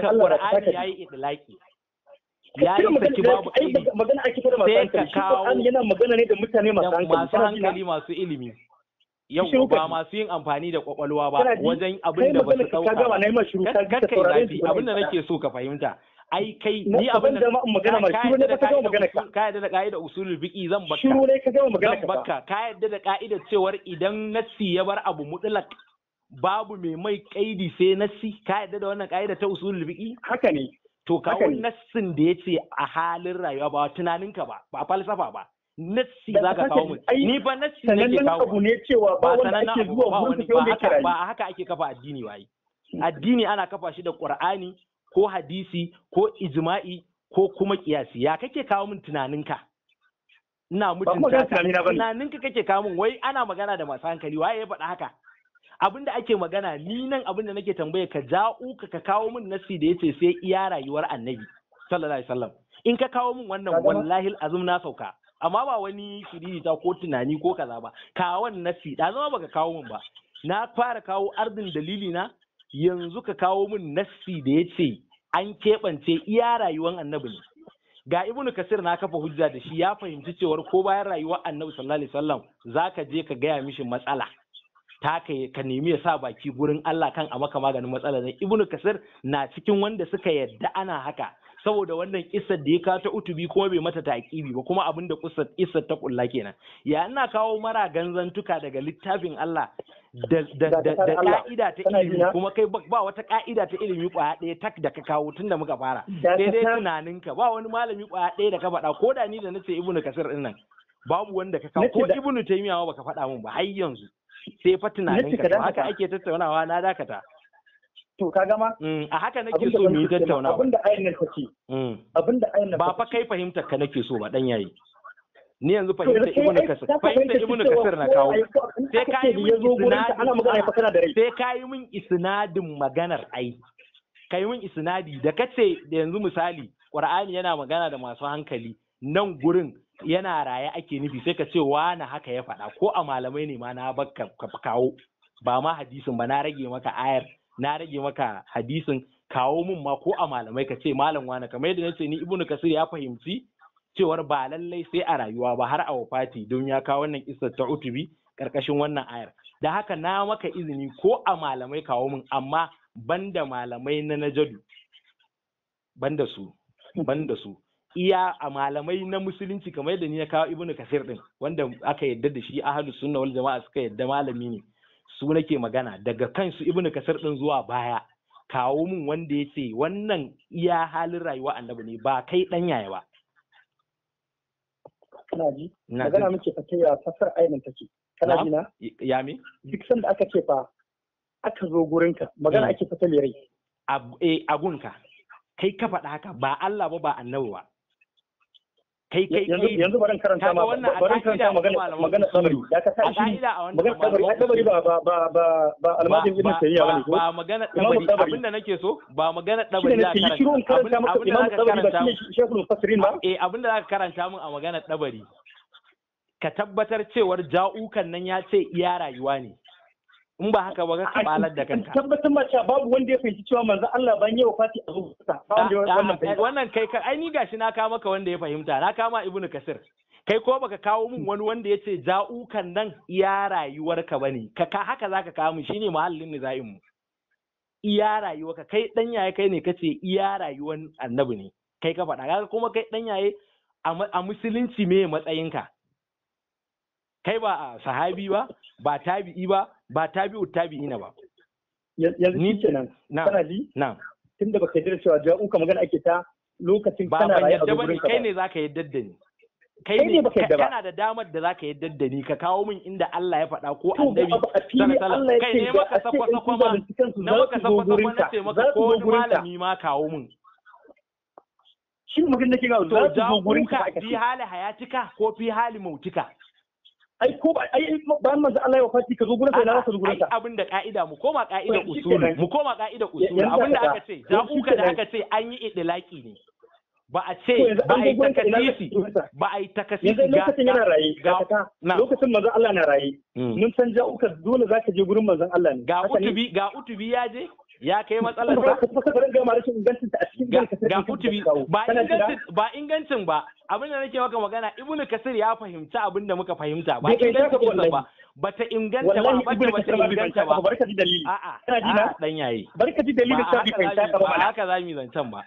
ka qur'ani yayi idlaki ya yi saki babu ilimi sai shi qur'ani yana magana ne da mutane masu hankali masu ilimi yau ba masu yin amfani da kwakwalwa ba wajen abin da ba su ɗauka kakkai zafi abin da nake so ka fahimta ai kai ni abin da magana ma shiru ne ka gama magana ka ka yadda da ka'ida usulul biki zan bakka shiru ne ka gama magana ka ka yadda da ka'ida cewar idan nassi ya bar abu mutlak babu mai mai kaidi sai nassi ka yadda da wannan ka'ida ta usulul biki haka ne to kawo nassin da yace a halin rayuwa ba tunaninka ba ba falsafa ba nassi za ka kawo mutum ni ba nassi ke kawo abu ne cewa ba wanda ake zuwa gurin su ba haka ba haka ake kafa addini wai hmm. addini ana kafa shi da qur'ani ko hadisi ko ijma'i ko kuma kiyasi ya kake kawo min tunaninka ina mutunta tunaninka kake kawo min wai ana magana da masu hankali waye ya faɗa haka abin da ake magana ni nan abin da nake tambaya ka ja'u ka kawo min nassi da yace sai iya rayuwar annabi sallallahu alaihi wasallam in ka kawo min wannan wallahi azum na sauka amma ba wani ta ko tunani ko kaza ba kawon nafi da zama baka kawo min ba na fara kawo ardin dalili na yanzu ka kawo min nafi da ya ce an keɓance iya rayuwar annabi ne ga ibnu kasir na kafa hujja da shi ya fahimci cewar ko bayan rayuwar annabi sallallahu alaihi wasallam zaka je ka gaya mishi matsala ta ka nemi ya sa baki gurin Allah kan a maka maganin matsala ne ibnu kasir na cikin wanda suka yadda ana haka saboda wannan kissar da ya kawo ta utubi kuma bai mata taƙibi ba kuma abin da kissar ta kulla kenan ya ina kawo mara ganzantuka daga littafin Allah da ka'ida ta ilimi kuma kai ba wata ka'ida ta ilimi kwaya ɗaya tak da ka kawo tun da muka fara sai dai tunaninka ba wani malami kwaya ɗaya da ka faɗa ko da ni da nace ibnu kasir din nan babu wanda ka kawo ko ibnu taymiya ba ka faɗa min ba har yanzu sai fa tunaninka haka ake tattaunawa na dakata to ka gama mm, a haka nake so mu yi tattaunawa abinda ayyana take mm. abinda ayyana ba fa kai fahimtar ka nake so ba dan yayi ni yanzu fahimta Ibn kasir fahimta ibn kasir na kawo sai ka yi min rai. sai ka yi min isnadin maganar ai ka yi min isnadi da kace da yanzu misali qur'ani yana magana da masu hankali nan gurin yana raye ake nufi sai ka ce wani haka ya faɗa ko a malamai ne ma na bakka kawo ba ma hadisin ba na rage maka ayar na rage maka hadisin kawo min ma ko a malamai ka ce malam wani kamar yadda nace ni ibnu kasir ya fahimci cewar ba lallai sai a rayuwa ba har a wafati don ya kawo wannan kissar ta utubi karkashin wannan ayar da haka na maka izini ko a malamai kawo min amma banda malamai na najadu banda su banda su iya a malamai na musulunci kamar yadda ni ya kawo ibnu kasir din wanda aka yadda da shi ahlus sunna wal jama'a suka yadda malami ne su nake magana daga kansu ibnu kasar din zuwa baya kawo min wanda ya ce wannan iya halin rayuwa annabi ne ba kai dan yaya ba kana ji magana muke fa kai fasar ainin take kana ji na ya me duk sanda aka ce fa aka zo gurin ka magana mm. ake fata mai rai eh, a gunka kai ka faɗa haka ba Allah ba ba annabi ba kai kai kai yanzu bari karanta ma bari karanta magana magana ya ka sa shi magana ba ba ba ba ba almajin ibn tayyiba bane ba magana sabari abinda nake so ba magana sabari da karanta shi ne karanta maka imam ba shi shekul mufassirin ba eh abinda zaka karanta min a magana ɗabari. ka tabbatar cewar ja'ukan nan ya ce iya rayuwa ne in ba haka ba ka balar da kanka tabbatar ma cewa babu wanda ya fahimci cewa manzo Allah ban yawa wafati a rubuta ah, ah, wannan kai kai ai ni gashi na kama ka wanda ya fahimta na kama ibnu kasir kai ko baka kawo min wani wanda ya ce ja'ukan nan iya rayuwarka bane ka ka haka zaka kawo min shine muhallin nizain mu iya ka kai dan yaye kai ne kace iya rayuwar annabi ne kai ka faɗa kuma kai dan yaye a musulunci me matsayinka kai ba a sahabi ba ba tabi'i ba ba tabi'u tabi'ina ba ni kenan na ji na tunda baka yarda cewa ja'u ka magana ake ta lokacin kana rayu a gurin ka kai ne zaka yarda da ni kai ne kana da damar da zaka yarda da ni ka kawo min inda Allah ya faɗa ko annabi kai ne maka sakwa sakwa ma na maka sakwa sakwa na ce maka ko wani malami ma kawo min shin magana nake ga za su zo gurin ka fi hali hayatika ko fi hali mautika ai ko ba ai bayan manzo Allah ya wafati ka zo gurin sai na ka zo gurin ka abin da ka'ida mu koma ka'ida usuli mu koma ka'ida usuli abin da aka ce kuka da aka ce an yi idlaki ne ba a ce ba a yi takasisi ba a yi takasisi ga lokacin yana raye lokacin manzo Allah na raye hmm. mun san ja'uka dole zaka je gurin manzon Allah ne ga utubi ga utubi ya je ya kai matsalar ga kutubi ba ingancin ba abin da nake maka magana ibnu kasir ya fahimci abin da muka fahimta ba ingancin ba bata inganta ba bata bata inganta ba ka ji dalili a'a a'a dan yayi ka ji dalilin sa bi fahimta ka ba haka mu zancen ba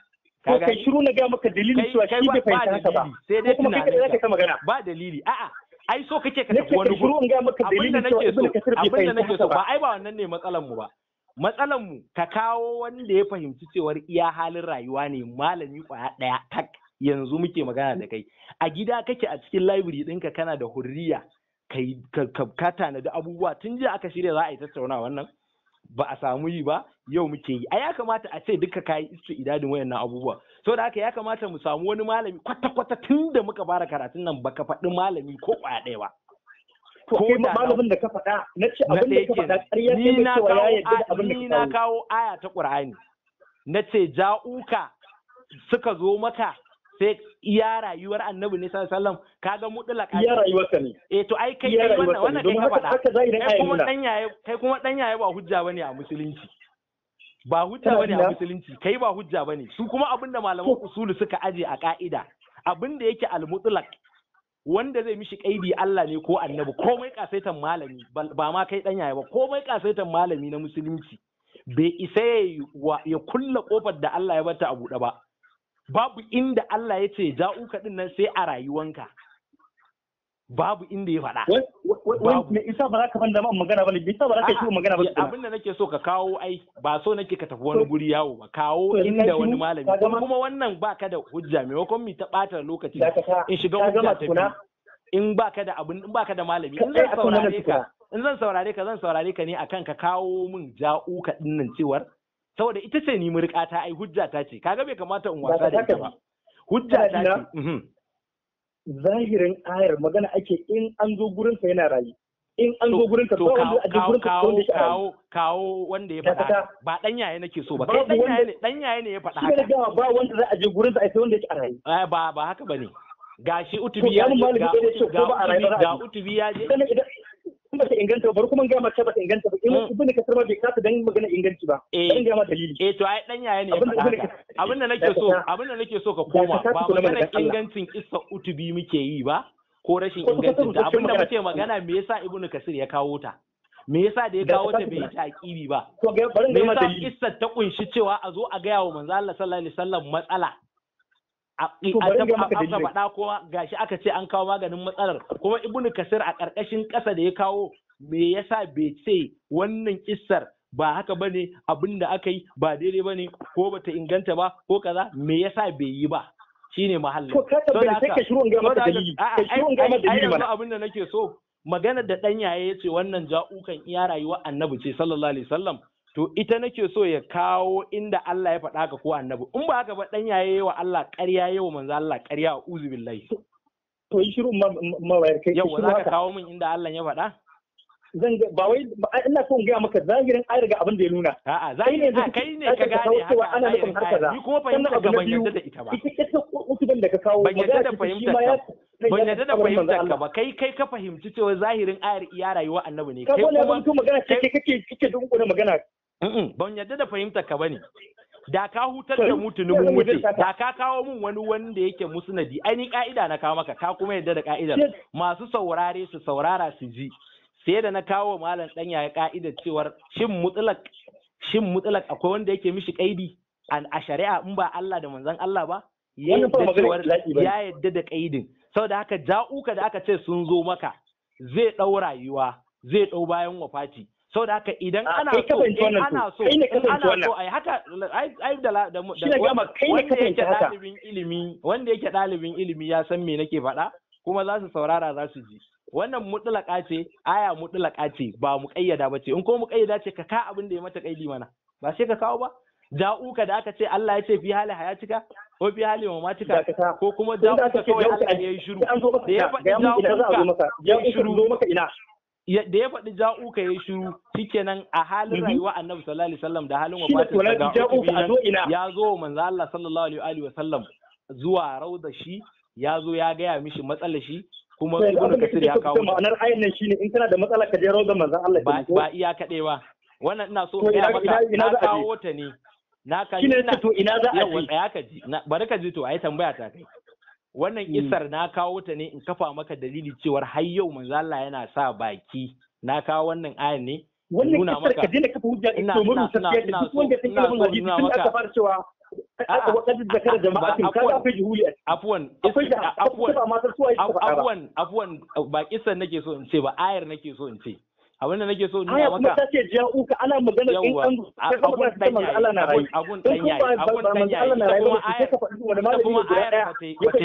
ko kai shiru na ga maka dalilin cewa shi bai fahimta ka ba sai dai tunanin ba dalili a'a ai so kake ka tafi wani gurin abin da nake so abin da nake so ba ai ba wannan ne matsalar mu ba matsalan mu ka kawo wanda ya fahimci cewar iya halin rayuwa ne malami kwaya ɗaya tak yanzu muke magana da kai a gida kake a cikin library ɗinka kana da hurriya ka tanadi abubuwa tun jiya aka shirya za a yi tattauna wannan ba a samu yi ba yau muke yi a ya kamata a ce duka kayi isu idadin wayannan abubuwa saboda haka ya kamata mu samu wani malami kwata kwata tun da muka fara karatun nan baka faɗi malami ko kwaya ɗaya ba ko kai malamin da ka faɗa na ce abin da ka faɗa ƙarya ne da cewa ya yarda abin da ni na kawo aya ta Qur'ani na ce ja'uka suka zo maka sai iya rayuwar annabi ne sallallahu alaihi wasallam kaga mudula kai iya rayuwar ka ne eh to ai kai wannan wannan kai ka faɗa kai kuma dan yaye kai kuma dan yaye ba hujja bane a musulunci ba hujja bane a musulunci kai ba hujja bane su kuma abinda malaman usulu suka aje a ka'ida abinda yake al-mutlaq wanda zai mishi kaidi Allah ne ko annabi komai kasaitan malami ba ma kai dan yaya ba komai kasaitan malami na musulunci bai isa ya kulla kofar da Allah ya bata a buɗe ba babu inda Allah ya ce ja'uka din nan sai a rayuwanka babu inda ya faɗa. Me isa ba za ka fanda man magana ba ne? isa ba za ka yi magana ba. Abin da nake so ka kawo ai ba so nake ka tafi wani guri yawo ba kawo inda wani malami. Kuma wannan ba ka da hujja maimakon mi ta ɓata lokaci in shiga hujja ta biyu. In ba ka da abin in ba ka da malami in zan saurare ka in zan saurare ka zan saurare ka ne akan ka kawo min ja'u ka dinnan cewar saboda ita ce ni murƙata ai hujja ta ce kaga bai kamata in wasa da ita ba. Hujja ta ce. Uhm. zahirin ayar magana ake in an zo gurinsa yana rayu in an zo gurin ka to kawo kawo kawo kawo wanda ya faɗa ba dan yaye nake so ba kai dan yaye ne dan yaye ne ya faɗa haka ga ba wanda za a je gurin sa sai wanda yake a rayu eh, ba ba haka bane gashi utubi ya ga utubi ya je in ba ta inganta ba kuma ga mace ba ta inganta ba in mm. ibn kasar ma bai kasa dan magana inganci ba dan eh. ga ma dalili eh to ai dan yaya ne abin da nake so abin da nake so ka koma ba magana ingancin kissa utubi muke yi ba ko rashin ingancin ta abin da muke magana me yasa ibn kasir ya kawo ta me yasa da ya kawo ta bai ta taƙiri ba me yasa kissa ta kunshi cewa a zo a gaya wa manzo Allah sallallahu alaihi wasallam matsala aka faɗa ga gashi aka ce an kawo maganin matsalar kuma ibnu kasir a ƙarƙashin ƙasa da ya kawo me yasa bai ce wannan kissar ba haka bane abin da aka yi ba daidai bane ko bata inganta ba ko kaza me yasa bai yi ba shine mahallin to ka tabbata sai ka shirin ga dalili ka shirin ga mata dalili mana abin da nake so magana da dan yaye ce wannan ja'ukan iya rayuwa annabi ce sallallahu alaihi wasallam to ita nake so ya kawo inda Allah ya faɗa ka ko annabi in ba haka ba dan yaye wa Allah ƙarya yawa manzo Allah ƙarya wa uzu billahi to yi shiru ma wayar kai yawa za ka kawo min inda Allah ya faɗa zan ga ba wai ina so in ga maka zahirin ai daga abin da ya nuna a zahirin a kai ne ka gane haka ana nufin haka za ni kuma fahimta ga ban yarda da ita ba ita uku da ka kawo ban yarda da fahimta ban yarda da fahimta ka ba kai kai ka fahimci cewa zahirin ayar iya rayuwa annabi ne kai kuma magana kake kake dunkule magana ban yadda da fahimtar ka bane da ka hutar da mu mun wuce da ka kawo mun wani wanda yake musnadi ainihin ka'ida na kawo maka ka kuma yadda da ka'idar masu saurare su saurara su ji sai da na kawo malam danya ya ka'ida cewar shin mutlak shin mutlak akwai wanda yake mishi kaidi a shari'a in ba Allah da manzon Allah ba ya yadda da kaidin saboda haka ja'uka da aka ce sun zo maka zai ɗau rayuwa zai ɗau bayan wafati so da haka idan ah, ana so eh, in ana so in ana so ai haka ai da da wanda yake dalibin ilimi wanda yake dalibin ilimi ya san me nake faɗa kuma za su saurara za su ji wannan mutlaka ce aya mutlaka ce ba mu kayyada ba ce in ko mu kayyada ce ka ka abin da ya mata kaidi mana ba sai ka kawo ba da'uka da aka ce Allah ya ce fi hali hayatika ko fi hali mamatika ko kuma da'uka kawai Allah ya yi shiru da ya faɗi da'uka ya yi shiru da ya faɗi ja'uka ya shiru shikenan a halin mhm. rayuwa annabi sallallahu alaihi wasallam da halin wafatin da ja'uka ya zo manzo Allah sallallahu alaihi wa sallam zuwa rauda shi ya zo ya gaya mishi matsalar shi kuma ibnu kasir ya kawo ma'anar ayin nan shine in kana da matsala ka je rauda manzo Allah ba ba iya kaɗe ba wannan ina so ina maka na kawo ta ne na ka ina to ina za a ji bari ka ji to ai tambaya ta kai wannan hmm. isar na kawo ta ne in kafa maka dalili cewar har yau manzo Allah yana sa baki na kawo wannan ayan ne wannan isar ka daina kafa hujja ina ina ina ina wanda take yin hadisi tun aka fara cewa wakadin afuwan, afuwan, afuwan, afwan afwan afwan ba kisan nake so in ce ba ayar nake so in ce abin da nake so in nuna maka ta ce jiya uka ana magana in an abun danya Allah na rayu abun danya abun danya kuma ayar kuma ayar ba ta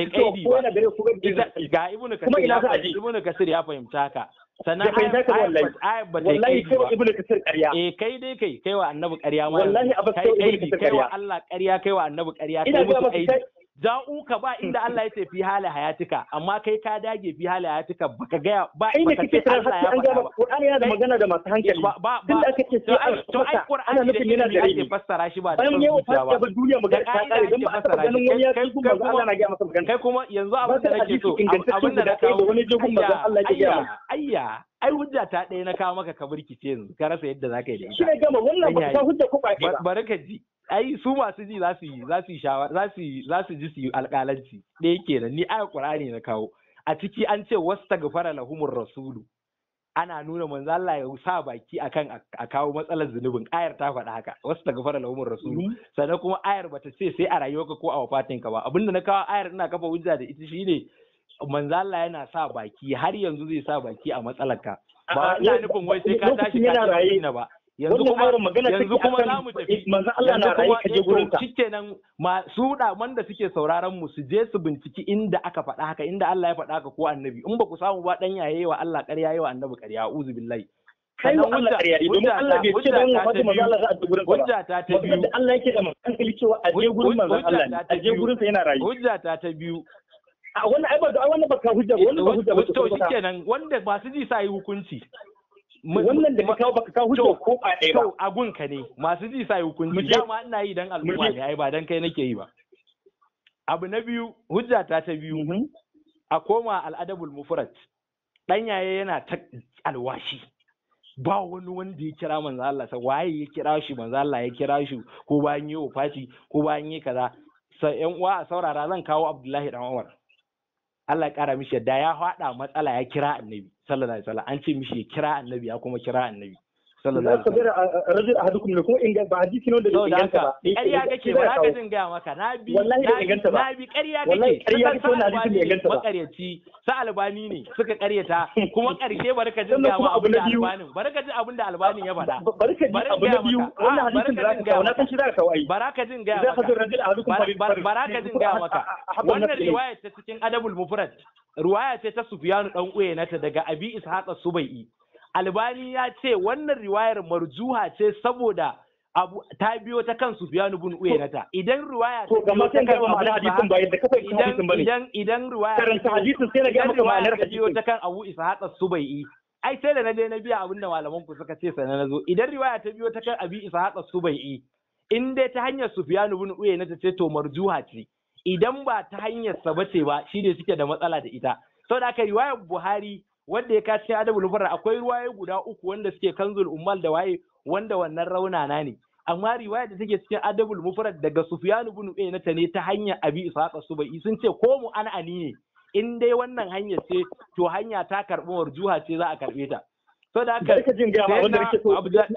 kaidi ba ga ibnu kasir ibnu kasir ya fahimta haka sannan ai ba ta kai ba ibnu kasir ƙarya eh kai dai kai kai wa annabi ƙarya ma wallahi abin ibnu kasir ƙarya kai wa Allah ƙarya kai wa annabi ƙarya kai musu aidi Za uka ba inda Allah ya ce fi hala hayatika amma kai ka dage fi hala hayatika baka gaya ba ai ne kike tsara an Qur'ani yana da magana da masu hankali ba ba da kake ce to ai Qur'ani nufin yana da rai fassara shi ba da mun yawa ba duniya magana ta kare dan ba fassara kai kuma Allah na masa magana kai kuma yanzu abin da nake so abin da na kawo wani jogun magana Allah ya ayya ai hujja ta ɗaya na kawo maka ka ce yanzu ka rasa yadda za ka yi da ita wannan ba ta hujja ku ba bari ka ji ai su masu ji za su yi za su yi za su yi za su ji su yi alƙalanci ɗaya kenan ni aya ƙur'ani na kawo a ciki an ce wasu ta wastaghfara lahumur rasulu ana nuna manzo Allah ya sa baki akan a kawo matsalar zunubin ayar ta faɗa haka wasu ta gafara lahumur rasulu mm-hmm. sannan kuma ayar bata ce sai a rayuwarka ko a wafatinka ba abinda na kawo ayar ina kafa hujja da ita shine manzala yana sa baki har yanzu zai sa baki a matsalarka ba ina nufin wai sai ka tashi ka raye na ba yanzu kuma yanzu kuma za mu tafi manzo Allah na raye ka je gurin ka nan ma su da wanda suke sauraron mu su je su binciki inda aka faɗa haka inda Allah ya faɗa haka ko annabi in ba ku samu ba dan yaye wa Allah ƙarya yayi wa annabi ƙarya uzu billahi kai wa Allah ƙarya domin Allah bai ce dan wa manzo Allah za a je gurin ka hujja ta ta biyu Allah yake da magana cewa a je gurin manzo Allah a je gurin sa yana rayu hujja ta ta biyu wannan ai ba wannan baka ka hujja wannan ba eh, hujja ba to shikenan wanda ba su ji sa yi hukunci wannan da ka kawo baka kawo hujja ko ba ɗaya ba to agun ka ne masu ji sa yi hukunci dama ina yi dan al'umma ne ai ba dan kai nake yi ba abu na biyu hujja ta ta biyu mm-hmm. a koma al'adabul mufrad ɗanyaye yana ta alwashi ba wani wanda ya kira manzo Allah sa waye ya kira shi manzo Allah ya kira shi ko bayan yi ofati ko bayan yi kaza sai yan uwa a saurara zan kawo Abdullahi dan Umar Allah ya kara mishi yadda ya faɗa matsala ya kira annabi sallallahu alaihi wasallam an ce mishi ya kira annabi ya kuma kira annabi sallallahu alaihi wasallam kuma inga ba hadisi ne da ba ƙarya kake ba ga maka na bi wallahi da inganta ba na bi ƙarya kake wallahi ƙarya kake wannan hadisi ne inganta ba makaryaci sa albani ne suka ƙaryata kuma ƙarshe bari ka jin ga abin da albanin bari ka abin da albanin ya faɗa bari ka abin da biyu wannan ah, hadisin da zaka kawo na san shi zaka kawo ai ka jin ga maka bara ka jin ga maka ah, wannan riwaya ta cikin adabul mufrad riwaya ce ta sufyanu dan uwe nata daga abi ishaq subaii albani ya ce wannan riwayar marjuha ce saboda abu ta biyo ta kan Sufyan ibn Uyaynata idan riwaya ta biyo ta kan Abu hadisin ba yadda kafa hadisin ne idan idan riwaya karanta hadisin sai na ga maka ma'anar hadisin ta kan Abu Ishaq as-Subai'i ai sai da naje na biya abin da malaman ku suka ce sanan nazo idan riwaya ta biyo ta kan abu Ishaq as-Subai'i in dai ta hanyar Sufyan ibn Uyaynata ce to marjuha ce idan ba ta hanyar sa ce ba shi ne suke da matsala da ita saboda haka riwayar Buhari wanda ya kace adabul barra akwai ruwaye guda uku wanda suke kanzul ummal da waye wanda wannan raunana ne amma riwaya da take cikin adabul mufrad daga sufyan ibn uyayna ne ta hanyar abi isaqa subai sun ce ko mu an'ani ne in dai wannan hanya ce to hanya ta karbi warjuha ce za a karbe ta so da haka ka jin gama wanda so ga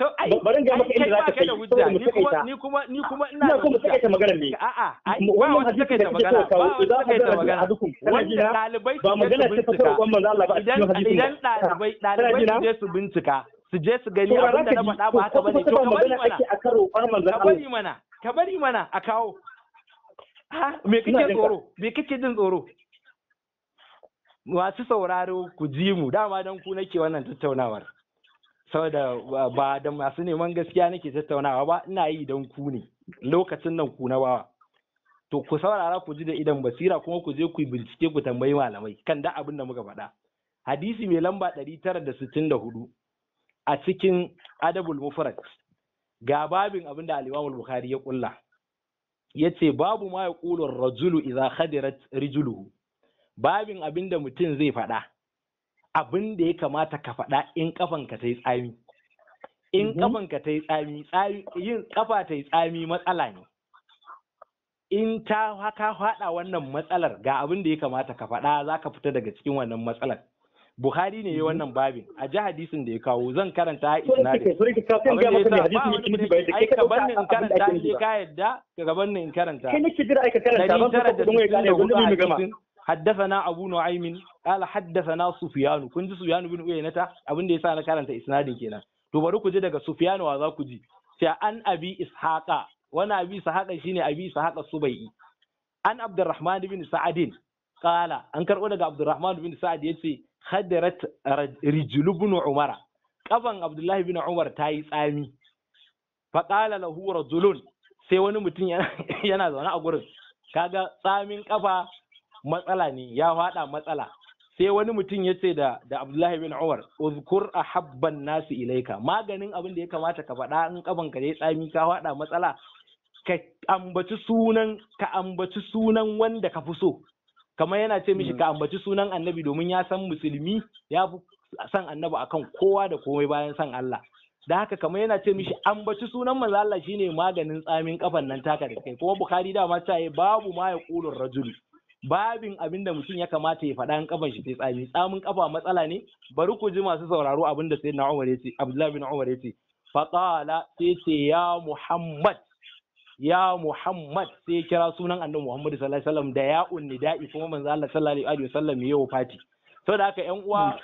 maka inda kai ni kuma ni kuma ni kuma ina ina kuma saka ta magana ne a a ba wanda saka ta magana ba wanda saka ta magana wanda dalibai ba magana ce manzo Allah ba idan idan dalibai dalibai su bincika su je su gani abin da na faɗa ba haka bane to ka bari mana ka bari mana ka bari mana a kawo ha me tsoro me kake jin tsoro masu sauraro ku ji mu dama don ku nake wannan tattaunawar saboda ba da masu neman gaskiya nake tattaunawa ba ina yi don ku ne lokacin nan ku na bawa to ku saurara ku ji da idan basira kuma ku je ku bincike ku tambayi malamai kan da abin da muka faɗa hadisi mai lamba tara da da 964 a cikin adabul mufrad ga babin abin da Buhari bukhari ya kulla yace babu ma ya rajulu idza khadirat rijuluhu babin abin da mutum zai faɗa abin da ya kamata ka faɗa in kafanka ta yi tsami in kafanka mhm. ta yi tsami yin kafa ta yi tsami matsala ne in ta haka faɗa wannan matsalar ga abin da ya kamata ka faɗa za ka fita daga cikin wannan matsalar Buhari ne ya mhm. wannan babin a ji hadisin da ya kawo zan karanta a ai da banni in karanta ka in karanta kai nake jira ka karanta ka gudun ya gane gudun mu gama حدثنا أبو نعيم قال حدثنا سفيان كنت سفيان بن أيينة أبن دي سانا كانت إسناد كنا تبارك جدا سفيان وذا كجي عن أبي إسحاق وانا أبي إسحاق شيني أبي إسحاق السبيعي عن عبد الرحمن بن سعد قال أنكر أولد عبد الرحمن بن سعد يتي خدرت رجل بن عمر kafan Abdullahi bin Umar ta yi tsami. Faƙala lahu rajulun sai wani mutum yana zaune a gurin. Kaga tsamin kafa matsala ne ya faɗa matsala sai wani mutum ya ce da da Abdullahi bin Umar uzkur ahabban nasu ilaika maganin abin da ya kamata ka faɗa in kaban ka dai tsami ka faɗa matsala ka ambaci sunan ka ambaci sunan wanda ka fi so kamar yana ce mishi ka mm. ambaci sunan annabi domin ya san musulmi ya fi san annabi akan kowa da komai bayan san Allah da haka kamar yana ce mishi ambaci sunan manzo Allah shine maganin tsamin kafan nan taka da kai kuma Bukhari dama ta yi babu ma ya rajul rajuli babin abin da mutum ya kamata ya faɗa an kafan shi sai tsami tsamin kafa matsala ne bari ku ji masu sauraro abin da sayyidina Umar yace Abdullahi bin Umar yace faqala sai ce ya Muhammad ya Muhammad sai ya kira sunan Annabi Muhammad sallallahu alaihi wasallam da ya unni da'i kuma manzo Allah sallallahu alaihi wasallam Fati. Sau saboda haka ƴan uwa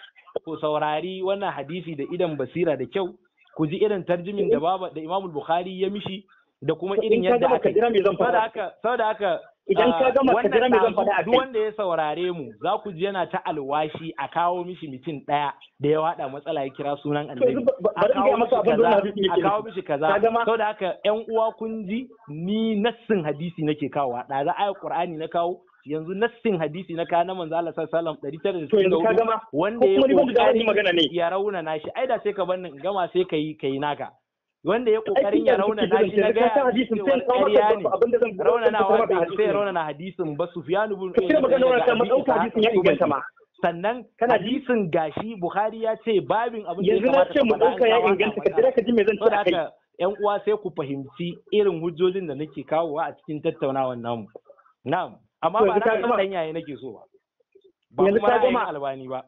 ku saurari wannan hadisi da idan basira da kyau ku ji irin tarjimin da baba da Imam Bukhari ya mishi da kuma irin yadda aka saboda haka saboda haka idan ka ah, gama ka jira mai zan a kai wanda ya saurare mu za ku ji yana ta alwashi a kawo mishi mutum ɗaya da ya wada matsala ya kira sunan annabi a kawo mishi kaza a kawo mishi kaza saboda haka ƴan uwa kun ji ni nassin hadisi nake kawo da za ayat qur'ani na kawo yanzu nassin hadisi na kana manzo Allah sallallahu alaihi wasallam 994 wanda ya kokari ya rauna nashi ai da sai ka bannin gama sai kai kai naka wanda ya kokarin ya rauna na shi na gaya hadisin ƙarya ne rauna na wanda sai rauna na hadisin ba sufyanu bin uyayna sannan hadisin gashi bukhari ya ce babin abin da ya kamata yanzu na ce mu dauka ya inganta ka jira ka ji me zan ce kai yan uwa sai ku fahimci irin hujjojin da nake kawowa a cikin tattaunawar namu na'am amma ba na dan yaye nake so ba ba kuma ra'ayin albani ba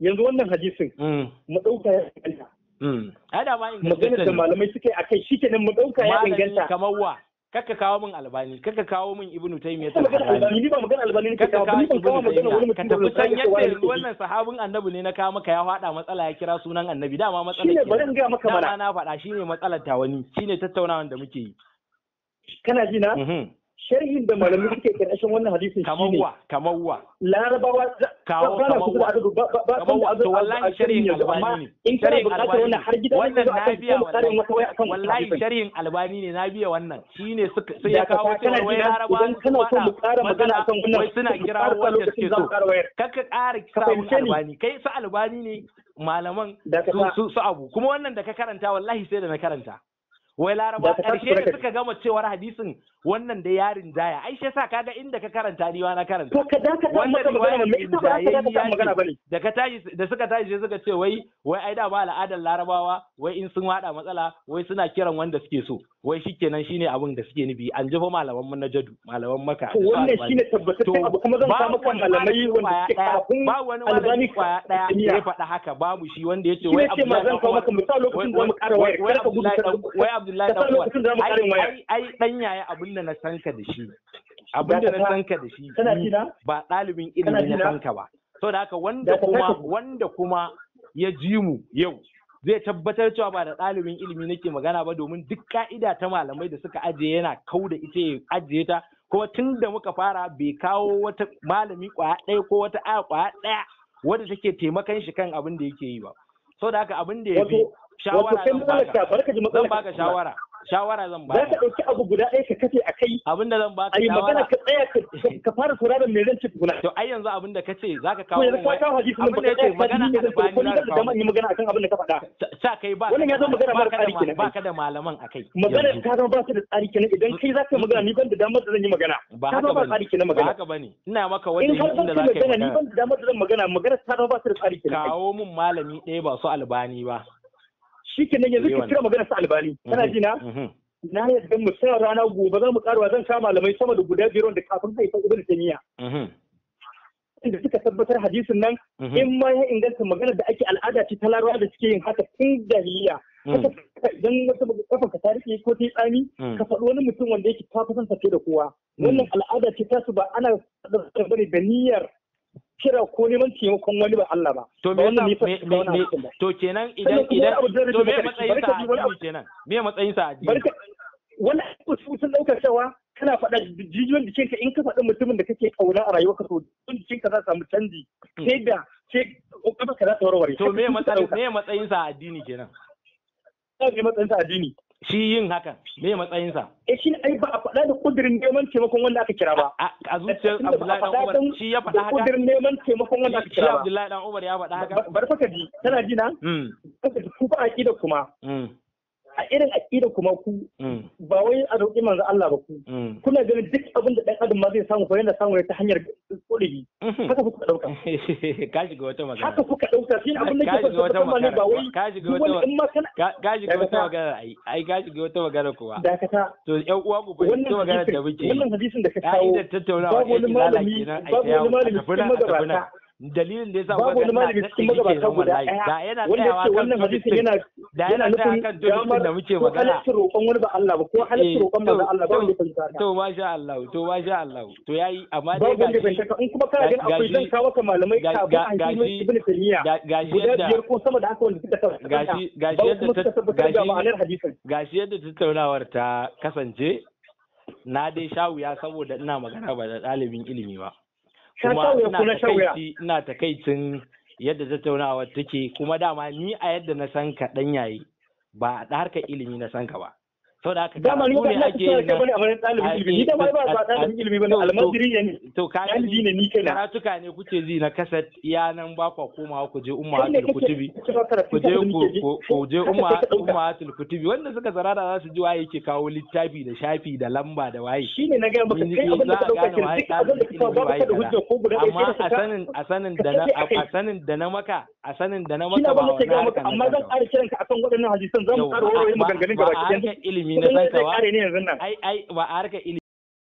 yanzu wannan hadisin mu mm. dauka ya inganta Hmm. Ada ma inganta da malamai suke a kai shikenan mu dauka ya inganta. Kamar wa kaka kawo min albani kaka kawo min ibnu taymiya ta albani ni ba magana albani ne kaka kawo ibnu taymiya ka tafi san yadda wannan sahabin annabi ne na kawo maka ya fada matsala ya kira sunan annabi dama matsalar shine bari in ga maka mana na faɗa shine matsalar tawani shine tattaunawan da muke yi kana ji na mhm. sharhin da malamai suke karkashin wannan hadisin kamar wa kamar wa larabawa kawo kamar wa kamar wa to wallahi sharhin albani ne in kana bukatar wannan har gida wannan na biya wannan, wallahi sharhin albani ne na biya wannan shine suka sai ya kawo cewa wai larabawa idan kana so mu ƙara magana akan wannan wai suna kira wanda suke so kaka ƙara kira albani kai su albani ne malaman su abu kuma wannan da ka karanta wallahi sai da na karanta wai laraba karshe da suka gama cewar hadisin wannan da yarin jaya ai shi yasa kaga inda ka karanta ni na karanta to kada ka da maka magana me ita ba ka da magana bane da ka tashi da suka tashi sai suka ce wai wai ai da ba al'adar larabawa wai in sun hada matsala wai suna kiran wanda suke so wai shikenan shine abin da suke nufi an jefa malaman mu na jadu malaman maka to wannan shine tabbataccen abu ba wani wani kwaya daya ya faɗa haka babu shi wanda yace wai Abdullahi ma zan da wai Abdullahi ai dan yaya abin da na sanka da shi abin da na sanka da shi ba ɗalibin ilimi na sanka ba saboda haka wanda kuma wanda kuma ya ji mu yau zai tabbatar cewa ba da ɗalibin ilimi nake magana ba domin duk ka'ida ta malamai da suka ajiye yana kau da ita ya ajiye ta kuma tun da muka fara bai kawo wata malami kwaya ɗaya ko wata aya kwaya ɗaya wadda take taimakan shi kan abin da yake yi ba Sau da haka abin da ya fi shawara zan baka shawara shawara zan ba Za ka ɗauki abu guda ɗaya ka kace a kai abin da zan ba ka shawara magana ka tsaya ka fara sauraron me zan ci tukuna to ai yanzu abin da kace ka kawo yanzu ka kawo hadisi ba da yace magana albani na da mun yi magana akan abin da ka faɗa sa kai ba wannan ya zo magana mara tsari kenan ba ka da malaman akai magana ka zama ba ka da tsari kenan idan kai zaka magana ni ban da damar da zan yi magana ba haka ba tsari kenan magana ba haka bane ina maka wani inda zaka yi magana ni ban da damar da zan magana magana ta zama ba ta da tsari kenan kawo mun malami ɗaya ba su albani ba shikenan yanzu ki cire magana sa albani mhm, kana ji mhm. na na yadda mu sa rana gobe za mu karuwa zan kama malamai sama da guda biyar wanda kafin zai san ibnu taymiya mhm. da suka tabbatar hadisin nan in ma ya inganta magana da ake al'ada ce ta larawa da suke yin haka tun jahiliya idan wata kafa ta tarihi ko ta tsami ka faɗi wani mutum wanda yake ta kusan da kowa wannan al'ada ce ta su ba ana da niyyar kira ko neman taimakon wani ba Allah ba. To me yasa to kenan idan idan to me matsayin sa a kenan me matsayin sa a barka wannan su sun dauka cewa kana faɗa jijiyoyin ka in ka faɗa mutumin da kake kauna a rayuwarka to jijiyoyin jikinka za su samu canji sai hmm. da sai kafa ka za ta warware. To me matsayin sa a addini kenan? Me matsayin sa a addini? shi yin hakan me matsayinsa eh shi ai ba a faɗa da kudirin neman taimakon wanda aka kira ba a zuciyar Abdullahi dan Umar shi ya faɗa haka kudirin neman taimakon wanda aka kira ba Abdullahi dan Umar ya faɗa haka bar faka ji tana ji na hmm. ku ba a kida kuma hmm. a irin aƙida kuma ku mm. ba wai a roƙi manzo Allah ba ku mm. kuna ganin duk abin da ɗan adam ma zai samu ko yana samu ta hanyar tsorebi mm-hmm. haka kuka ɗauka ka shiga wata magana haka kuka ɗauka shi abin da ke fasa ta ne ba wai ka shiga wata magana ka shiga wata magana ai ai ka shiga wata magana kuwa dakata to ƴan uwa ku bai ta magana da muke wannan hadisin da ka kawo babu wani malami babu wani malami cikin magabata dalilin da sa babu na ɗaya cikin magabata layi da yana tsayawa kan wannan hadisin yana yana nufin kan dukkan da muke magana ko roƙon wani ba Allah ba ko eh, halaccin roƙon ba Allah ba wanda fahimta to masha Allah to Allah to yayi amma dai ga in kuma kana ganin akwai zan kawo ka malamai ka ba an yi ibn taymiya gashi yadda biyar ko sama da haka wanda suka gashi gashi yadda gashi ma'anar hadisin gashi yadda tattaunawar ta kasance na dai sha wuya saboda ina magana ba da ɗalibin ilimi ba kuma ina takaicin yadda tattaunawa take kuma dama ni a yadda na san ka ɗan yayi ba a harkar ilimi na san ka ba so da aka dama ni ba ina cikin da bane a wurin ɗalibin ilimi ni ma ba ba ɗalibin ilimi bane almajiri ne to ka ɗalibi ne ni na karatuka ne kuke ji na kasat iya nan ba kwa komawa ku je umma hatul kutubi ku je ku je umma umma hatul kutubi wanda suka zarara za su ji waye yake kawo littafi da shafi da lamba da waye shine na ga maka kai abin da ka dauka kin duk abin da ka ba ka da hujja ko guda amma a sanin a sanin da na a sanin da na maka a sanin da na maka ba amma zan ƙara kiranka akan waɗannan hadisan zan ƙara warware maganganun gaba ki ilimi na san kawa ai ai wa a harkar ilimi